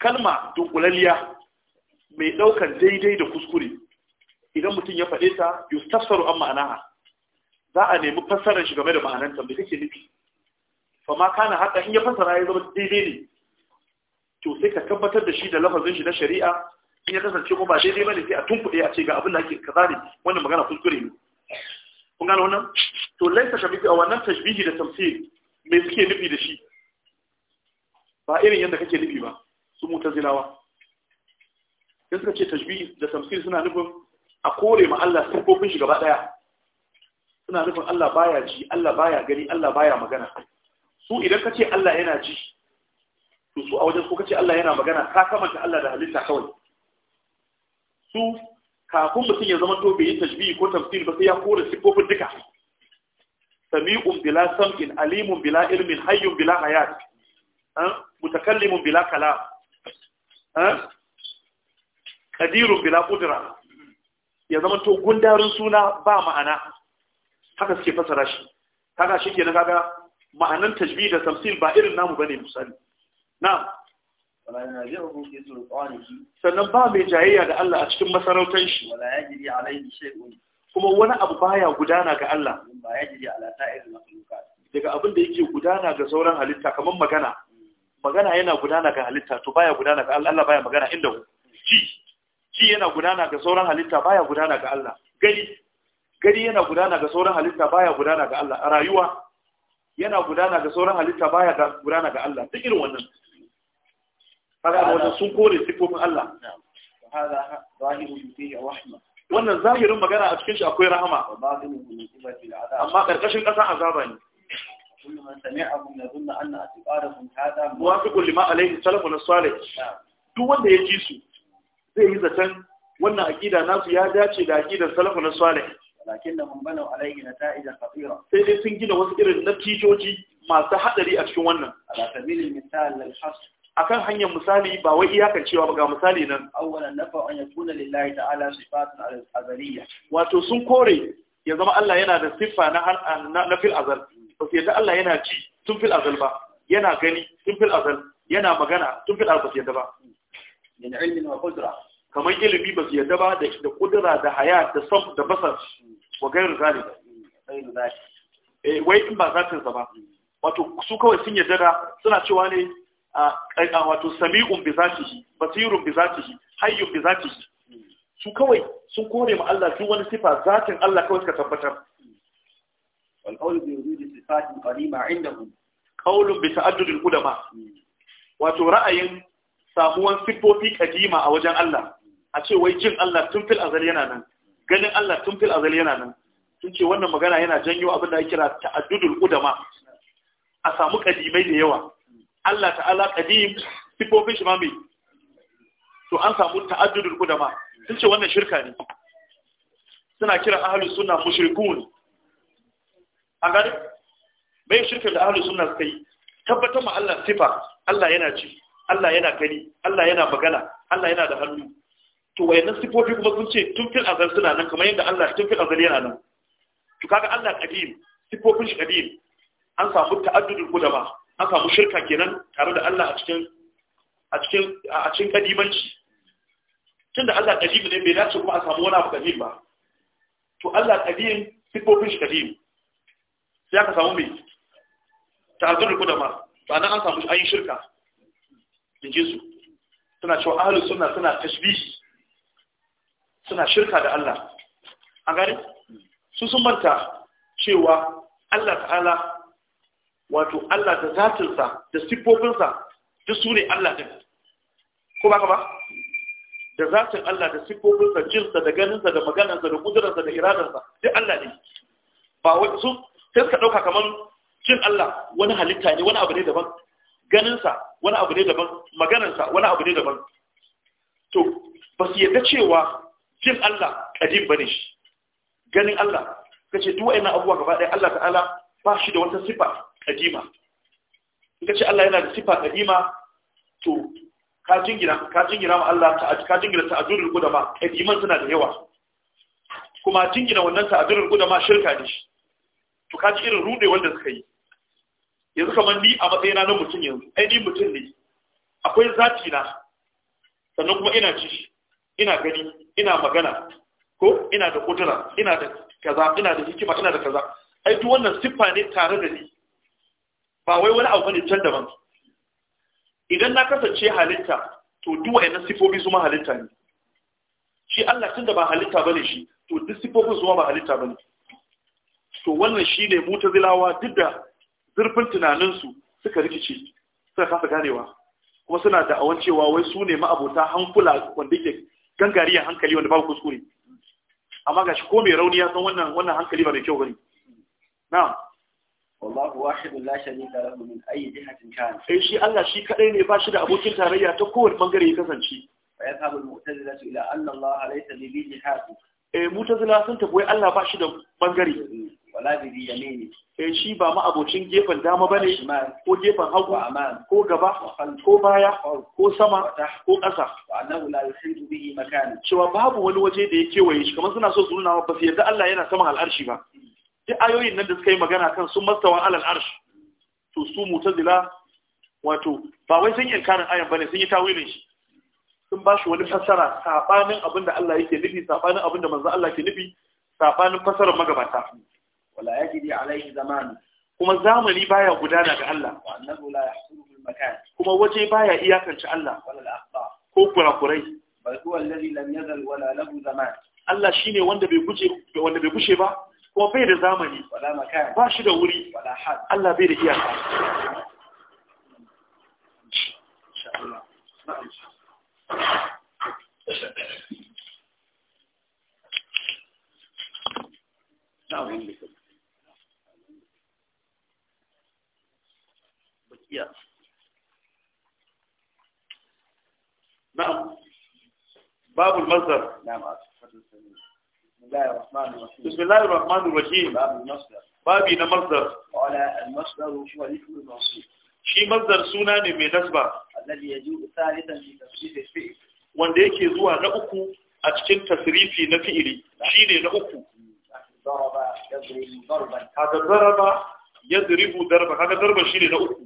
kalma dunkulaliya mai ɗaukar daidai da kuskure idan mutum ya faɗe ta yustafsaru an ma'anaha za a nemi fassarar shi game da ma'ananta mai kake nufi fa ma kana haka in ya fassara ya zama daidai ne to sai ka tabbatar da shi da lafazin shi na shari'a in ya kasance ko ba daidai bane sai a tunkuɗe a ce ga abin da ake kaza ne wannan magana kuskure ne kun gano wannan to laisa shabihi a wannan tashbihi da tamsil me suke nufi da shi ba irin yadda kake nufi ba su mutazilawa sai suka ce tashbihi da tamsil suna nufin a kore ma Allah sifofin shi gaba daya suna nufin Allah baya ji Allah baya gani Allah baya magana su idan ka ce Allah yana ji to su a wajen kuka ce Allah yana magana ka kamanta Allah da halitta kawai su kafin mutum ya zama tobe bai yi ko tamsil ba sai ya kore sifofin duka sami'un bila sam'in alimun bila ilmin hayyun bila hayat mutakallimun bila kalam bila ya zama to gundarin suna ba ma'ana haka suke fasara shi kaga shi na kaga ma'anan tajbihi da tamsil ba irin namu bane misali na'am sannan ba mai jayayya da Allah a cikin masarautar shi kuma wani abu baya gudana ga Allah daga abin da yake gudana ga sauran halitta kamar magana magana yana gudana ga halitta to baya gudana ga Allah Allah baya magana inda ku ci ci yana gudana ga sauran halitta baya gudana ga Allah gari gari yana gudana ga sauran halitta baya gudana ga Allah rayuwa yana gudana ga sauran halitta baya gudana ga Allah duk irin wannan kaga wajen sun kore sifofin Allah hada zahiru yuti rahma wannan zahirin magana a cikin shi akwai rahama amma karkashin kasa azaba ne fi muwafiqu lima salamu na salih duk wanda ya ji su zai yi zaton wannan aqida nasu ya dace da salamu na salih lakin da mun bana alayhi nata'ija khatira sai dai sun gina wasu irin natijoji masu haɗari a cikin wannan ala sabilil misal akan hanyar misali ba wai iyakar cewa ga misali nan awwalan nafa an yakuna lillahi ta'ala sifatun azaliyya wato sun kore ya zama Allah yana da siffa na na fil azal ba sai da Allah yana ci tun fil azal ba yana gani tun fil azal yana magana tun fil azal yadda ba min ilmin wa qudra kamar ilimi ba su yadda ba da kudura da haya da sam da basar wa gairu zalika eh wai in ba zatin sa ba wato su kawai sun yadda suna cewa ne a wato sami'un bi shi basirun bi shi hayyun bi zatihi su kawai sun kore ma Allah su wani sifa zatin Allah kawai suka tabbatar wal qawlu bi wujudi sifatin qalima indahum qawlun bi ta'addud al ulama wato ra'ayin samuwan sifofi kadima a wajen Allah a ce wai jin Allah tun fil azal yana nan ganin Allah tun fil azal yana nan sun ce wannan magana yana janyo abin da ake kira ta'addudul ulama a samu kadimai da yawa Allah ta'ala qadim sifofin shi ma mai to an samu ta'addudul qudama sun ce wannan shirka ne suna kira ahlus sunna mushrikun an gani bai shirka da ahlus sunna suka yi tabbatar ma Allah sifa Allah yana ci Allah yana gani Allah yana magana Allah yana da hannu to wayannan sifofi kuma sun ce tun fil azal suna nan kamar yadda Allah tun fil azal yana nan to kaga Allah qadim sifofin shi qadim an samu ta'addudul qudama an samu shirka kenan tare da Allah a cikin a cikin a cikin kadimanci tunda Allah kadim ne bai dace kuma a samu wani abu kadim ba to Allah kadim sifofin shi kadim sai aka samu mai ta'azzur ku da ma ba nan an samu ayin shirka in ji su suna cewa ahlus sunna suna tashbihi suna shirka da Allah an gane su sun manta cewa Allah ta'ala wato Allah da zatinsa da siffofinsa duk su ne Allah ɗin? ko ba ka ba da zatin Allah da siffofinsa jinsa da ganinsa da maganarsa da kudurarsa da iradarsa duk Allah ne ba wani su sai suka ɗauka kamar jin Allah wani halitta ne wani abu ne daban ganinsa wani abu ne daban maganarsa wani abu ne daban to ba su yarda cewa jin Allah ba ne shi ganin Allah kace duk wayannan abubuwa gaba ɗaya Allah ta'ala ba shi da wata siffa. kadima in ce Allah yana da sifa kadima to ka jingina ka jingina ma Allah ta ka jingina ta ajurul gudama, kadiman suna da yawa kuma jingina wannan ta gudama shirka ne to ka ji irin rude wanda suka yi yanzu kamar ni a matsayina na mutum yanzu ai ni mutum ne akwai zati na sannan kuma ina ci ina gani ina magana ko ina da kudura ina da kaza ina da hikima ina da kaza ai duk wannan siffa ne tare da ni ba wai wani abu ne can man. idan na kasance halitta to duwa ina sifofi zuma halitta ne shi Allah tunda ba halitta bane shi to duk sifofi zuma ba halitta bane to wannan shi ne mutazilawa duk da zurfin tunanin su suka rikice suka kasa ganewa kuma suna da awan cewa wai su ne ma'abota hankula wanda yake gangariyar hankali wanda babu kuskure amma gashi ko mai rauni ya san wannan wannan hankali ba mai kyau bane na'am wallahu wahidun la sharika lahu min ayi jihatin kana sai shi Allah shi kadai ne ba shi da abokin tarayya ta kowane bangare ya kasance fa yadhhabu al-mu'tazila ila anna Allah laysa li jihati eh mu'tazila sun tafi wai Allah ba shi da bangare wala bi yamini eh shi ba ma abocin gefen dama bane ko gefen hagu ko gaba ko baya ko sama ko ƙasa annahu la yuhidu bihi makan cewa babu wani waje da ya kewaye shi kamar suna so su nuna ba su yarda Allah yana saman al'arshi ba hmm. duk ayoyin nan da suka yi magana kan sun mastawan alal arsh to su mutazila wato ba wai sun inkarin ayan bane sun yi tawilin shi sun ba shi wani fassara sabanin abinda Allah yake nufi sabanin abinda manzo Allah ke nufi sabanin fassarar magabata wala yajidi alaihi zaman kuma zamani baya gudana ga Allah wa la yahsulu bil makan kuma waje baya iyakance Allah wala al-akhta ko kurakurai bal huwa alladhi lam yazal wala lahu zaman Allah shine wanda bai guje wanda bai gushe ba kuma bai da zamani ba shi da wuri Allah bai da iyaka نعم باب المصدر نعم بسم الله الرحمن الرحيم باب المصدر babi na masdar shi masdar suna ne mai nasba wanda yake zuwa na uku a cikin tasrifi na fi'ili shine na uku kaga daraba ya darba kaga darba shine na uku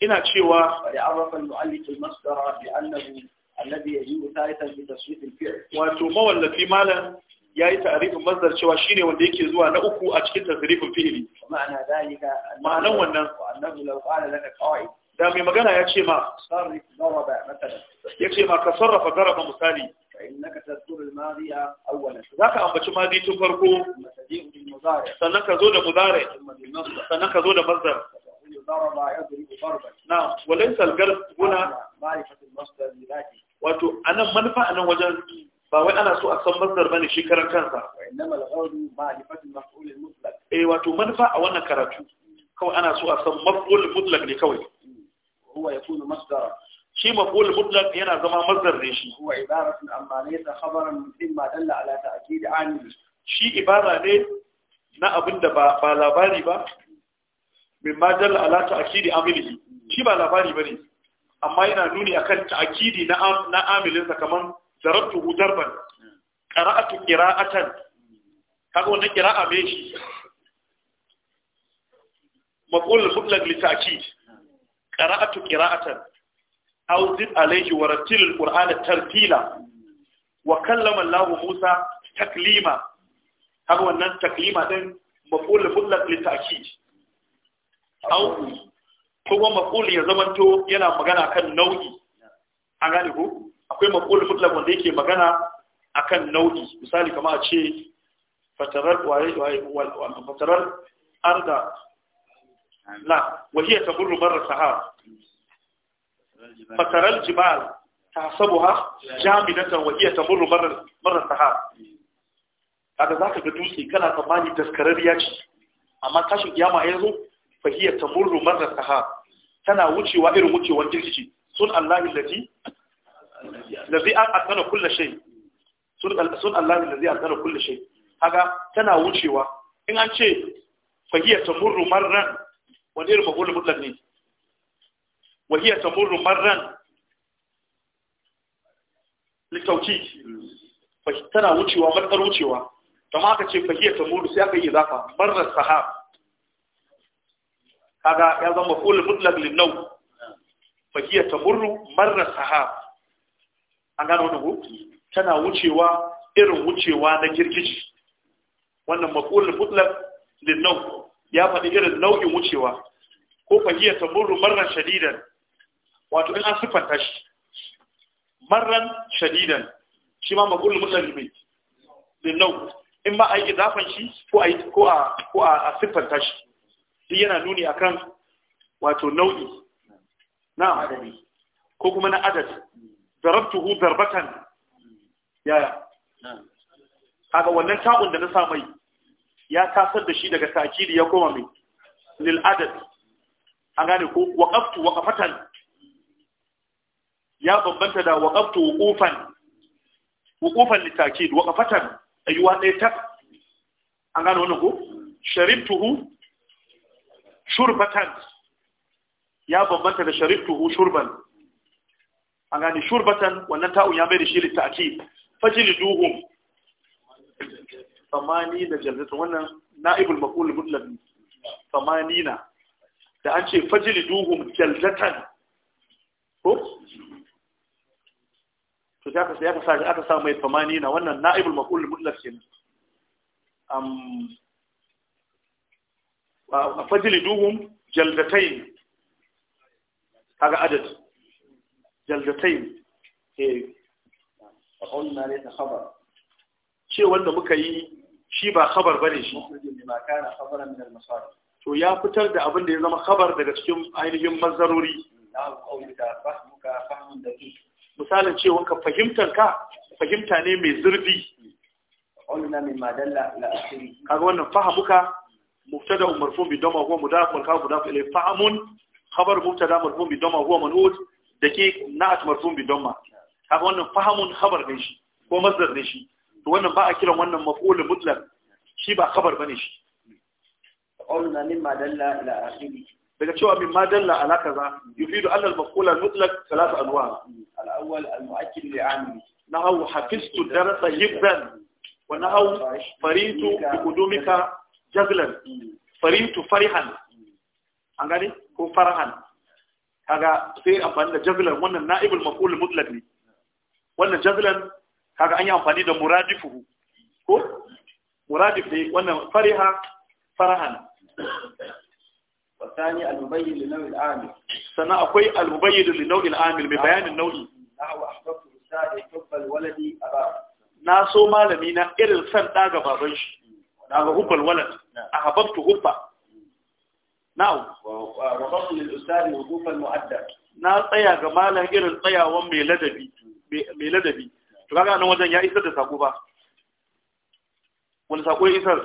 ina cewa da arrafa al-mu'allif al-masdara bi annahu alladhi wato mawallafi malam yayi ta'rifin masdar cewa shine wanda yake zuwa na uku a cikin tasrifin fili. ma'ana dalika ma'anan wannan annahu law qala laka qa'id da mai magana ya ce ma daraba ya ce ma ka sarrafa daraba misali فإنك تذكر الماضي أولا ذاك sannan ka zo da mudare sannan ka zo da mazdar ضرب يضرب ضربا نعم وليس القلب هنا معرفة المصدر لذاته anan manufa a san masdar bane wato manufa a wannan karatu kawai ana so a san maf'ul mutlaq ne kawai huwa yakunu masdara shi maf'ul yana zama masdar ne shi huwa ibaratun amma shi ibara ne na abinda ba ba labari ba min ma dalla ala ta'kidi amilihi shi ba labari bane amma yana nuni akan ta'kidi na na amilin sa kaman darabtu darban qira'atu qira'atan kaga wannan qira'a me shi maqul mutlaq li ta'kid qira'atu qira'atan aw zid alayhi wa rattil al tartila wa kallama Allah Musa taklima kaga wannan taklima din maqul mutlaq li ta'kid au kuma makuli ya zamanto yana magana kan nau'i an gane ko akwai makuli mutlaq wanda yake magana akan nau'i misali kama a ce fatarar waye fatarar arda la wahiya taburu barra sahar fatarar jibal tasabuha wa wahiya taburu barra marra sahar za zaka ga dutse kana tsammani ya ce amma tashin kiyama ya zo fahiya tamurru marrasaha tana wucewa irin wucewar girgiji sun Allah allazi allazi an atana kullu shay sun tana wucewa in an ce fahiya tamurru marran wani irin mafulul mutlaq ne wahiya tamurru marran litauki tana wucewa matsar wucewa kama aka ce fahiya tamurru sai aka yi zafa marar sahab kaga ya zama kul mutlaq lin naw fa hiya tamurru marra sahab an gano wannan ko tana wucewa irin wucewa na girgiji wannan maful mutlaq lin naw ya faɗi irin nau'in wucewa ko fa hiya tamurru marran shadidan wato in an sifanta shi marran shadidan shi ma maful mutlaq lin naw in ma a yi idafan shi ko a ko a sifanta shi duk yana nuni akan wato nau'i na adadi ko kuma na adadi darabtuhu zarbatan yaya kaga wannan ta'un da na sa mai ya tasar da shi daga takiri ya koma mai lil adad an gane ko waqaftu waqafatan ya bambanta da waqaftu wuqufan wuqufan li takid waqafatan ayuwa dai tak an gane wannan ko sharibtuhu shurbatan ya bambanta da shariftuhu shurban an gani shurbatan wannan ta'un ya mai da shi littaki fajili duhum samani da jaldatu wannan na'ibul maqul mutlaq samani na da an ce fajili duhun, jaldatan ko to ya ka sa aka sa mai samani na wannan na'ibul maqul mutlaq kenan fajili duhun jaldatain kaga adad jaldatain ce wanda muka yi shi ba khabar bane shi to ya fitar da abin da ya zama khabar daga cikin ainihin mazarori misalin ce wanka fahimtar ka fahimta ne mai zurfi kaga wannan fahimuka مبتدا مرفوع بضمه هو مضاف والخبر مضاف اليه فهم خبر مبتدا مرفوع بضمه هو منقول دقيق نعت مرفوع بضمه wannan fahamun khabar ne shi ko masdar ne shi to wannan ba a kiran wannan maf'ul mutlaq shi ba khabar bane shi daga cewa mimma dalla ala kaza yufidu anna al maf'ul al mutlaq al awwal al mu'akkid wa jaglan farintu farihan an gane ko farahan kaga sai amfani da jaglan wannan na'ibul maf'ul mutlaq ne wannan jaglan kaga an yi amfani da muradifuhu ko muradif ne wannan fariha farahan wasani al-mubayyin li al amil sana akwai al-mubayyin li naw'il amil mai bayanin nau'i nahwa ahbabtu sa'i hubbal waladi aba na so malami na irin san ɗa baban shi na ga hubbal walad أحببت غرفة نعم وقفت للأستاذ وقوفا مؤدد na tsaya ga malam irin tsayawan mai ladabi mai ladabi to kaga wajen ya isar da sako ba wani sako ya isar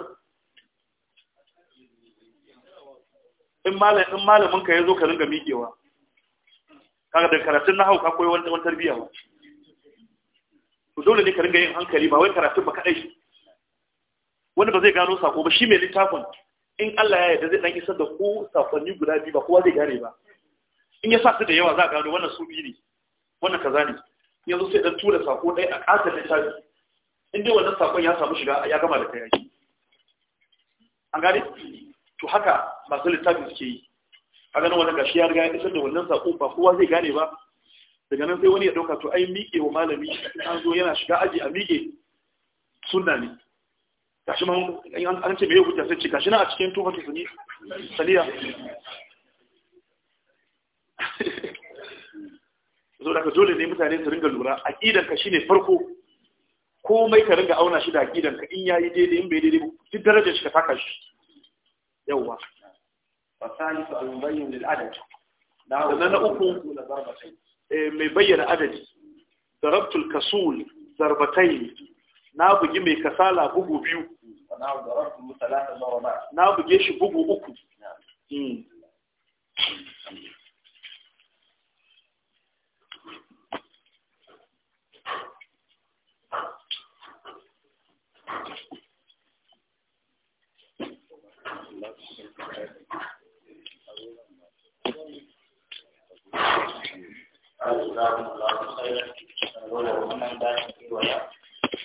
in ka kaga da karatun na hauka koyi wani tarbiyya ba to dole ne ka ringa yin hankali ba wai karatun ba kadai wanda ba zai gano sako ba shi mai littafin in Allah ya yarda zai dan isar da ko sakonni guda biyu ba kowa zai gane ba in ya sa su da yawa za a gano wannan su biyu ne wannan kaza ne yanzu sai dan tura sako ɗaya a ƙasar littafi in dai wannan sakon ya samu shiga ya gama da kai yaki an gane to haka masu littafin suke yi a ganin wannan gashi ya riga ya isar da wannan sako ba kowa zai gane ba daga nan sai wani ya ɗauka to ai miƙe wa malami an zo yana shiga aji a miƙe sunna ne gashi ma an ce mai hujja sai ce gashi na a cikin tuhatu suni saniya zo daga dole ne mutane su ringa lura aqidan ka shine farko komai ka ringa auna shi da ƙidanka. In ya yi daidai in bai daidai ba duk darajar shi ka taka shi yawa fasalisu al-mubayyin lil adad sannan na uku eh, mai bayyana adadi darabtul kasul zarbatai na bugi mai kasala bugu biyu na buge shi bugu uku Thank you.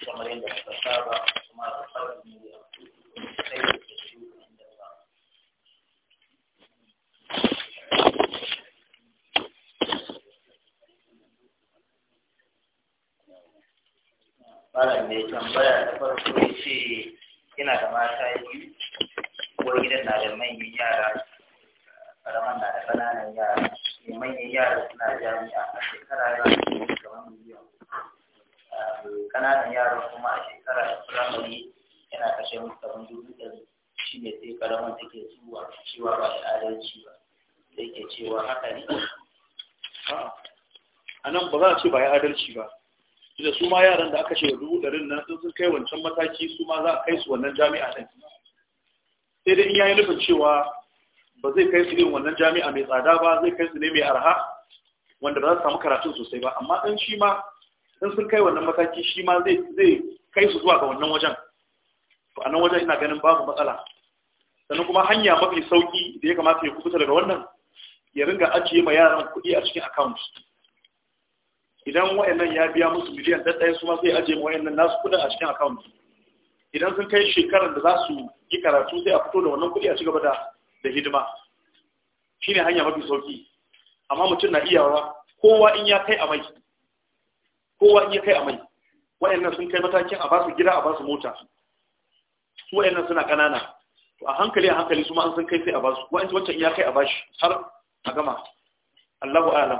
kamar yadda suka saba kuma da sauran malam mai tambaya da farko ya ce ina da mata biyu ko gidan na da manyan yara karaman na da ƙananan yara ne manyan yara suna jami'a a shekara ya kamar miliyan kananan ah, yara kuma a shekara da firamare yana kashe musu dubu ɗari shi ne sai karaman take zuwa cewa ba da adalci ba sai ke cewa haka ne a nan ba za a ce ba ya adalci ba da su ma yaran da aka ce dubu ɗarin nan sun sun kai wancan mataki su ma za a kai su wannan jami'a ɗin sai dai in yayi nufin cewa ba zai kai su irin wannan jami'a mai tsada ba zai kai su ne mai arha wanda ba za su samu karatun sosai ba amma ɗan shi ma in sun kai wannan mataki shi ma zai zai kai su zuwa ga wannan wajen to a nan wajen ina ganin babu matsala sannan kuma hanya mafi sauki da ya kamata ya kubuta daga wannan ya ringa ajiye ma yaran kuɗi a cikin account idan wayannan ya biya musu miliyan ɗaya su ma yi ajiye mu wayannan nasu kudin a cikin account idan sun kai shekarar da za su yi karatu sai a fito da wannan kudi a cigaba da da hidima shine hanya mafi sauki amma mutum na iyawa kowa in ya kai a mai kowa in ya kai a mai wayannan sun kai matakin a basu gida a basu mota su wayannan suna kanana to a hankali a hankali su ma an sun kai sai a basu wayansu wancan ya kai a bashi har a gama Allahu a'lam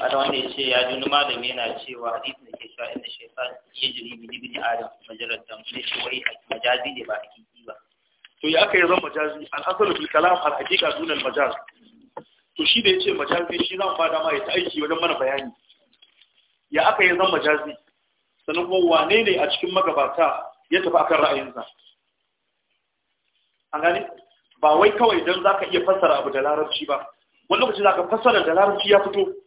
ada wanda ya ce ya ji wani malami yana cewa hadisi da ke cewa inda shaitan ya jiri bini bini adam majalar dam ne ce wai majazi ne ba hakiki ba to ya aka yi zan majazi al'asar bil kalam al hakika dunal majaz to shi da ya ce majazi shi zan fada ma ya ta aiki wajen mana bayani ya aka yi zan majazi sannan kuma wane ne a cikin magabata ya tafi akan ra'ayinsa an gane ba wai kawai don za ka iya fassara abu da larabci ba wani lokaci za ka fassara da larabci ya fito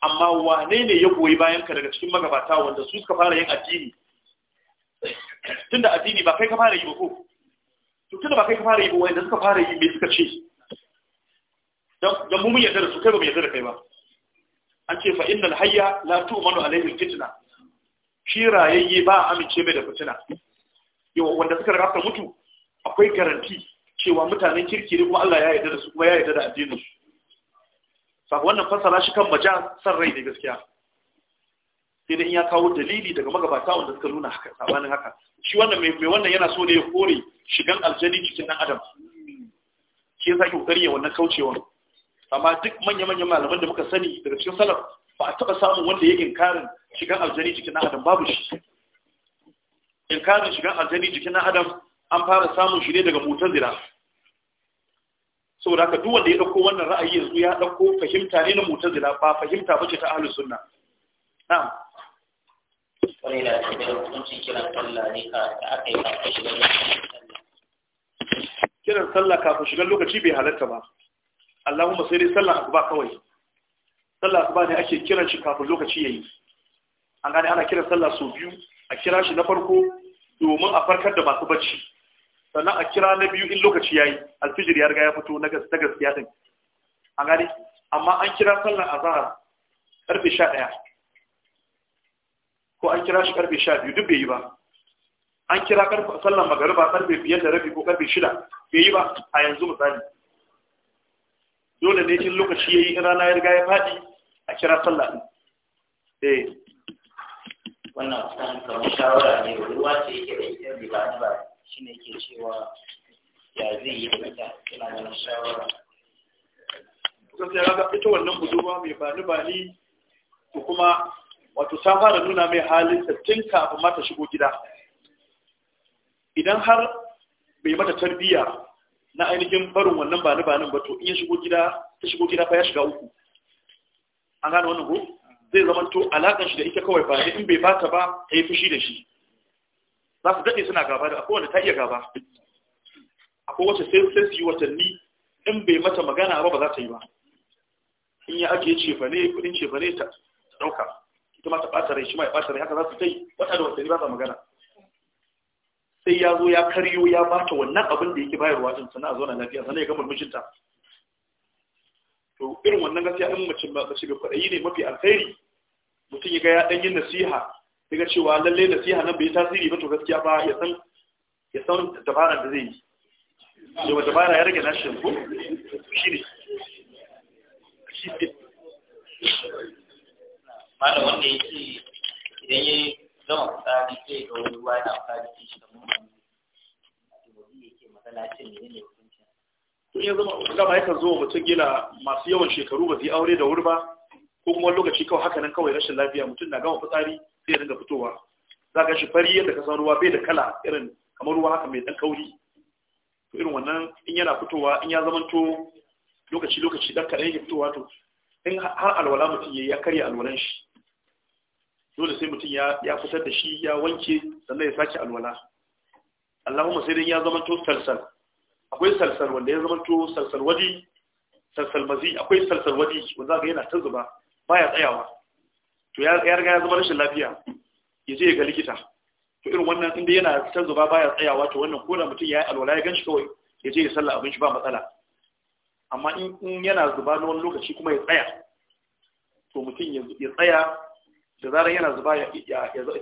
amma wane ne ya goyi bayan ka daga cikin magabata wanda su suka fara yin addini tunda addini ba kai ka fara yi ba ko to tunda ba kai ka fara yi ba wanda suka fara yi me suka ce dan mu mun yarda da su kai ba mu yarda da kai ba an ce fa innal hayya la tu'manu alayhi fitna shi rayayye ba amince mai da fitina yau wanda suka rafa mutu akwai garanti cewa mutanen kirki ne kuma Allah ya yarda da su kuma ya yarda da addinin su saka wannan fassara shi kan majaz san rai ne gaskiya sai dai in ya kawo dalili daga magabata wanda suka nuna haka sabanin haka shi wannan mai wannan yana so da ya kore shigan aljani cikin dan adam shi yasa ki kokari ya wannan kaucewa amma duk manya-manyan malaman da muka sani daga cikin salaf ba a taba samun wanda ya inkarin shigan aljani cikin dan adam babu shi inkarin shigan aljani cikin dan adam an fara samun shi ne daga mutazila saboda haka duk wanda ya dauko wannan ra'ayi yanzu ya ɗauko fahimta ne na mutazila ba fahimta bace ta ahlus sunna na'am wani na da hukunci kiran sallah ne ka da aka yi kafin sallah kafin shigar lokaci bai halarta ba Allahumma sai dai sallah ba kawai sallah ba ne ake kiran shi kafin lokaci yayi an gane ana kiran sallah sau biyu a kira shi na farko domin a farkar da masu bacci sannan a kira na biyu in lokaci ya yi, alfijir ya riga ya fito na gaskiya din A gani amma an kira sallar Azahar karfe ɗaya. ko an kira shi karfe biyu duk bai yi ba an kira karfe sallar magariba karfe biyar da rabi ko karfe shida bai yi ba a yanzu misali dole ne in lokaci yi in rana ya riga ya faɗi a kira sallah din eh wannan kusan kamar shawara ne ruwa ce yake da ita ba ba shine yake cewa ya zai yi mata ina mana shawara kusan sai ga ita wannan budurwa mai bani bani ko kuma wato ta fara nuna mai halin da tun kafin mata shigo gida idan har bai mata tarbiyya na ainihin barin wannan bani banin ba to in shigo gida ta shigo gida fa ya shiga uku an gane wannan ko zai zama to alakan shi da ita kawai ba in bai bata ba ta yi fushi da shi za su daɗe suna gaba da akwai wanda ta iya gaba akwai wacce sai sai su yi watanni in bai mata magana ba ba za ta yi ba in ya ake cefane, ne kudin cefa ne ta ɗauka ita ma ta ɓata rai shi ma ya ɓata rai haka za su ta yi wata da watanni ba za magana sai ya zo ya karyo ya bata wannan abin da yake bayarwa din sana'a a zo na lafiya sana'a ya ga murmushinta to irin wannan gaskiya in mace ba ta shiga kwaɗayi ne mafi alkhairi mutum ya ga ya ɗan yin nasiha daga cewa lalle nasiha nan bai tasiri ba to gaskiya ba ya san ya san dabara da zai yi da wata dabara ya rage nashin ko shi ne malam wanda ya ce idan ya zama fitsari sai ga wani ruwa yana fitsari sai shi kamar wani wani matsala ce ne ne hukuncin ya zama gama yakan zo mutum gina masu yawan shekaru ba su yi aure da wuri ba ko kuma lokaci kawai haka nan kawai rashin lafiya mutum na gama fitsari sai ya fitowa za ka shi fari yadda ka san ruwa bai da kala irin kamar ruwa haka mai dan kauri to irin wannan in yana fitowa in ya zamanto lokaci lokaci dan kaɗan yake fitowa to in har alwala mutum ya karya alwalan shi dole sai mutum ya fitar da shi ya wanke sannan ya sake alwala Allahumma sai dan ya zamanto salsal akwai salsal wanda ya zamanto salsal wadi salsal mazi akwai salsal wadi wanda ga yana ta zuba baya tsayawa to ya ga ya zama rashin lafiya ya je ga likita to irin wannan inda yana ta zuba baya tsayawa to wannan ko da mutum ya yi alwala ya ganshi kawai ya je ya sallah abin shi ba matsala amma in yana zuba na wani lokaci kuma ya tsaya to mutum ya tsaya da zarar yana zuba ya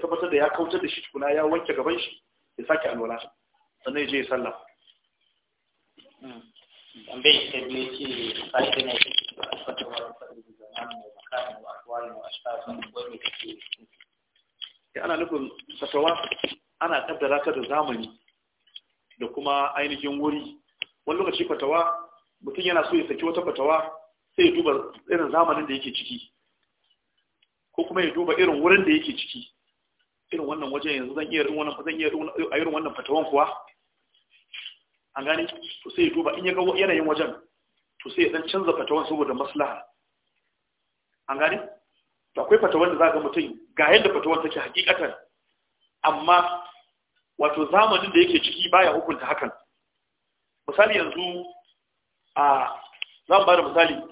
tabbatar da ya kautar da shi tukuna ya wanke gaban shi ya sake alwala sannan ya je ya sallah ta biyu a أحكام وأقوال وأشخاص وين كثير أنا نقول فتوى أنا أقدر أكد زامني da kuma ainihin wuri wani lokaci fatawa mutum yana so ya saki wata fatawa sai ya duba irin zamanin da yake ciki ko kuma ya duba irin wurin da yake ciki irin wannan wajen yanzu zan iya wannan zan iya irin wannan fatawan kuwa an gane to sai ya duba in ya ga yanayin wajen to sai ya dan canza fatawan saboda maslaha an gane to akwai fata wanda za ga mutum ga yadda fata wanda take hakikatar. amma wato zamanin da yake ciki baya hukunta hakan misali yanzu a zan ba da misali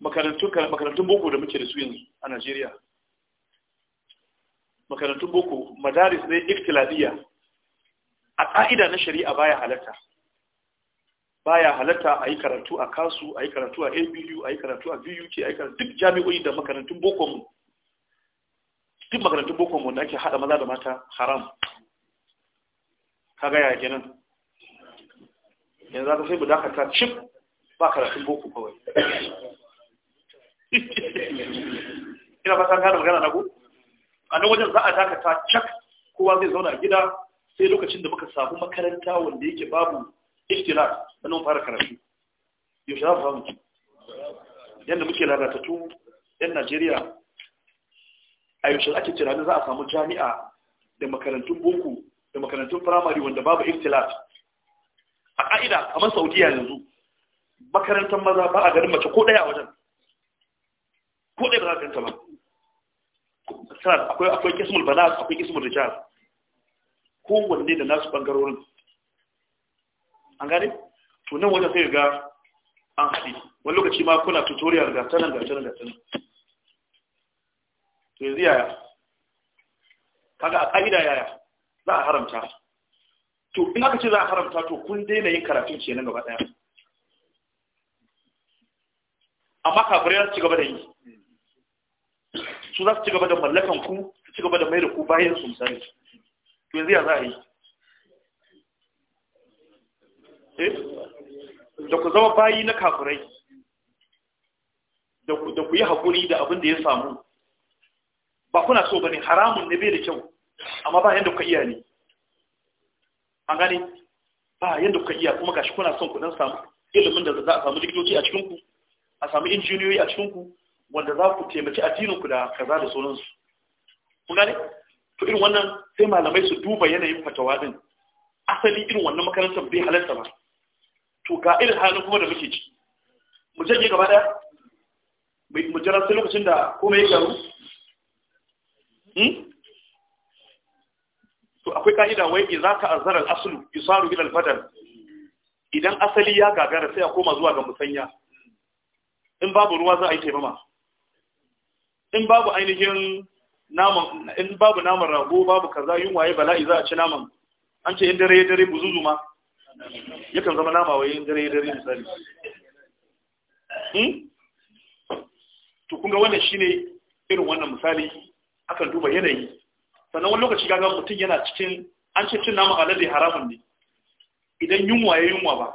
makarantun boko da muke da su yanzu a Najeriya makarantun boko madaris ne iktiladiya a ƙa'ida na shari'a baya halatta baya halatta a yi karatu a kasu a yi karatu a abu a yi karatu a vuk a yi karatu duk jami'o'i da makarantun boko mu duk makarantun boko mu da ake haɗa maza da mata haram ka gaya kenan yanzu aka sai mu dakata cif ba karatun boko kawai ina fata ka da magana na ku a nan wajen za a dakata cak kowa zai zauna gida sai lokacin da muka samu makaranta wanda yake babu ikhtilat sannan fara karatu yaushe za mu samu yadda muke lalatattu yan najeriya a yaushe ake tunanin za a samu jami'a da makarantun boko da makarantun firamare wanda babu ikhtilat a ƙa'ida kamar saudiya yanzu makarantar maza ba a garin mace ko ɗaya a wajen ko ɗaya ba za a ganta ba akwai akwai kismul banat akwai kismul rijal kowanne da nasu bangarorin an gane to nan wajen sai ga an haɗe wani lokaci ma kuna tutorial ga tanan ga tanan ga tanan to yanzu yaya kaga a ƙa'ida yaya za a haramta to in aka ce za a haramta to kun daina yin karatun ce nan gaba ɗaya amma kafirai za su ci gaba da yi su za su ci gaba da mallakan ku su ci gaba da mai da ku bayan su misali to yanzu ya za a yi Eh? da ku zama bayi na kafirai da ku yi haƙuri da abin da ya samu ba kuna so ba ne haramun ne bai da kyau amma ba yadda kuka iya ne an gane ba yadda kuka iya kuma gashi kuna son ku don samu ilimin da za a samu likitoci a cikinku a samu injiniyoyi a cikinku wanda za ku taimaki addininku da kaza da sauransu kun gane to irin wannan sai malamai su duba yanayin fatawa din asali irin wannan makarantar bai halarta ba to ga irin halin kuma da muke ci mu janye gaba daya mu jira sai lokacin da komai ya gyaru hmm? to akwai ka'ida wai idza ka azara al-aslu yusaru ila al idan asali ya gagara sai a koma zuwa ga musanya in babu ruwa za a yi taimama in babu ainihin naman in babu naman rago babu kaza yunwaye bala'i za a ci naman an ce in dare dare buzuzuma yakan zama nama yin dare dare misali hmm? to kun ga wannan shine irin wannan misali akan duba yanayi sannan wani lokaci ga mutum yana cikin an ce cin naman alade haramun ne idan yunwa ya yunwa ba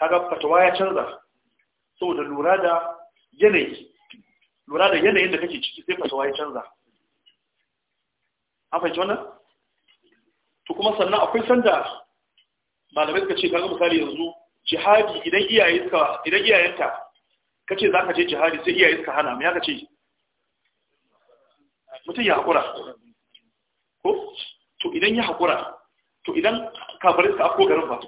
kaga fatawa ya canza saboda lura da yanayi lura da yanayin da kake ciki sai fatawa ya canza an fahimci wannan to kuma sannan akwai sanda malamai suka ce ga misali yanzu jihadi idan iyaye suka idan iyayenta kace za ka je jihadi sai iyaye suka hana me ya kace mutum ya haƙura ko to idan ya haƙura to idan kafirai ka afko garin ba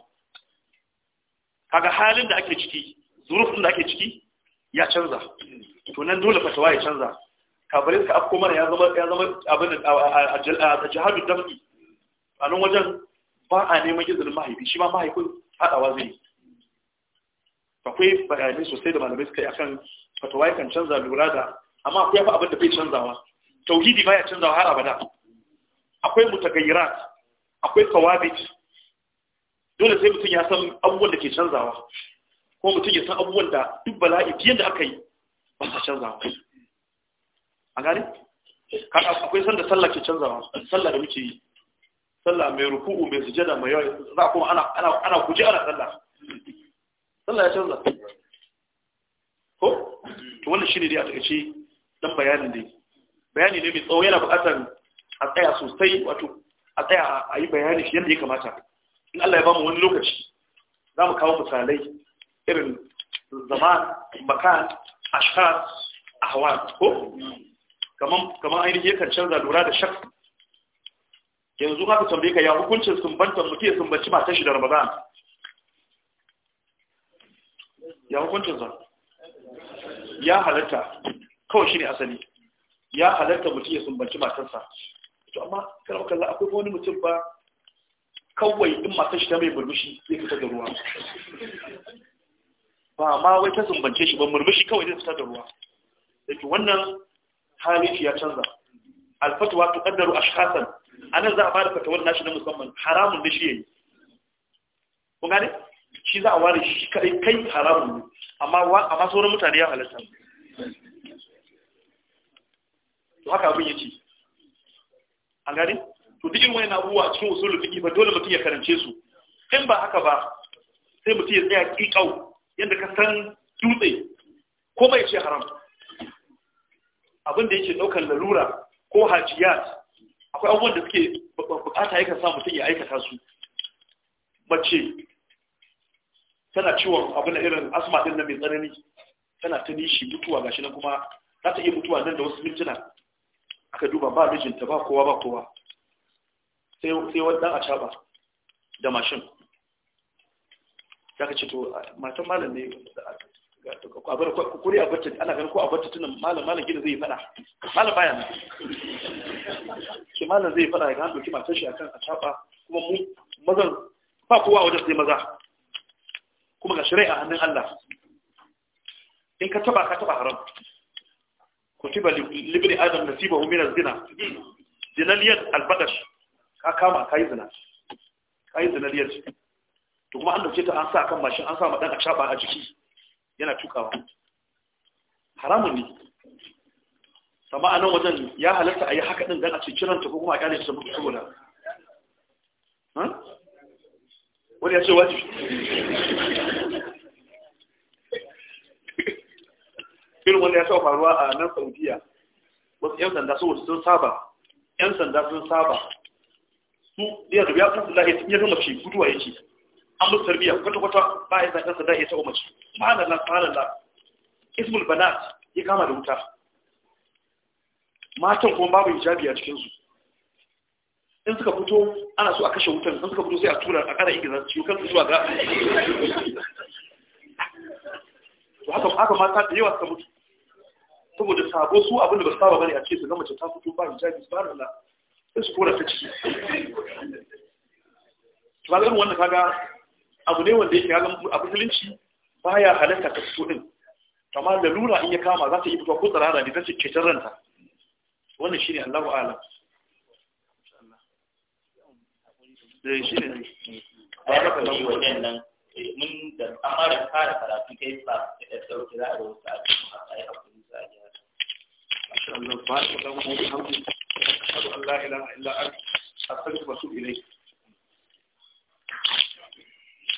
kaga halin da ake ciki zurufin da ake ciki ya canza to nan dole fatawa ya canza kafirai ka afko mana ya zama ya zama abin a jihadin dafi a nan wajen ba a neman izinin mahaifi shi ma mahaifin haɗawa zai yi akwai bayanai sosai da malamai suka yi akan fatawa kan canza lura da amma akwai fa abin da bai canzawa tauhidi baya canzawa har abada akwai mutagayyirat akwai kawabit dole sai mutum ya san abubuwan da ke canzawa ko mutum ya san abubuwan da duk bala'i fiye da aka yi ba sa canzawa a gane akwai sanda sallah ke canzawa sallah da muke yi sallah mai ruku'u mai sujada mai yawa za kuma ana ana ana kuji ana sallah sallah ya canza ko to wannan shine dai a takaice dan bayanin dai bayani ne mai tsawo yana buƙatar a tsaya sosai wato a tsaya a yi bayani shi yadda ya kamata in Allah ya bamu wani lokaci za mu kawo misalai irin zaman makan a ahwal ko kaman kaman ainihin yakan canza lura da shakka yanzu haka tambaye ka ya hukuncin sumbantar mutum ya sumbanci matar shi da ramadan ya hukuncin sa ya halatta kawai shi ne asali ya halatta mutum ya sumbanci sa to amma karɓar kalla akwai wani mutum ba kawai in matar shi ta mai burbushi zai fita da ruwa ba ma wai ta sumbance shi ba murmushi kawai zai fita da ruwa da ke wannan halin ya canza alfatuwa ta ƙaddaru a a nan za a da fatawar nashi na musamman haramun da shi yayi kun gane shi za a ware shi kai kai haramun ne amma amma sauran mutane ya halatta to haka abin yake an gane to duk irin wannan abuwa cikin usulul fiqh ba dole mutum ya karance su in ba haka ba sai mutum ya tsaya kikau yadda ka san dutse ko bai ce haram abin da yake daukar lalura ko hajiyat akwai abubuwan da suke bukata yakan sa mutum ya aikata su mace tana ciwon abin da irin asma din na mai tsanani tana ta nishi mutuwa shi nan kuma za ta iya mutuwa nan da wasu mintuna aka duba ba mijinta ba kowa ba kowa sai wani dan a caba da mashin ta ka ce to matan malam ne kuri a bacci ana ganin ko a bacci tunan malam malam gida zai fada malam baya nan shi malam zai fada ga doki matar shi akan ataba kuma mu mazan ba kowa wajen sai maza kuma ga shari'a hannun Allah in ka taba ka taba haram kutiba libni adam nasibahu min az-zina zinaliyat al-badash ka kama kai zina kai zinaliyat to kuma an dauke ta an sa kan mashin an sa ma dan a chaba a jiki yana tukawa haramun ne sama a nan wajen ya halatta a yi haka ɗin don a ce kiranta ko kuma a ƙyale su mutu saboda wani ya ce wajibi irin wanda ya sa faruwa a nan saudiya wasu 'yan sanda saboda sun saba 'yan sanda sun saba su ɗaya da ya fi lahi sun yi mace guduwa yake an musu tarbiyya kwata-kwata ba ya zaɗa sadar ya taɓa mace ma'anar na tsarin da ismul banat ya kama da wuta matan kuma babu hijabi a cikinsu in suka fito ana so a kashe wutan in suka fito sai a tura a ƙara ingiza ciwo kan zuwa ga to haka haka mata da yawa suka mutu saboda sabo su abin da ba saba bane a ce su ga mace ta fito ba hijabi subhanallah sai su kora ta ciki to ga irin wannan kaga abu ne wanda yake halin a musulunci baya halatta ka fito din kamar lura in ya kama za ta yi fito ko tsarara ne ta ce ranta wannan Allahu eh, shi ne eh, ba ala. Allah ilaha illa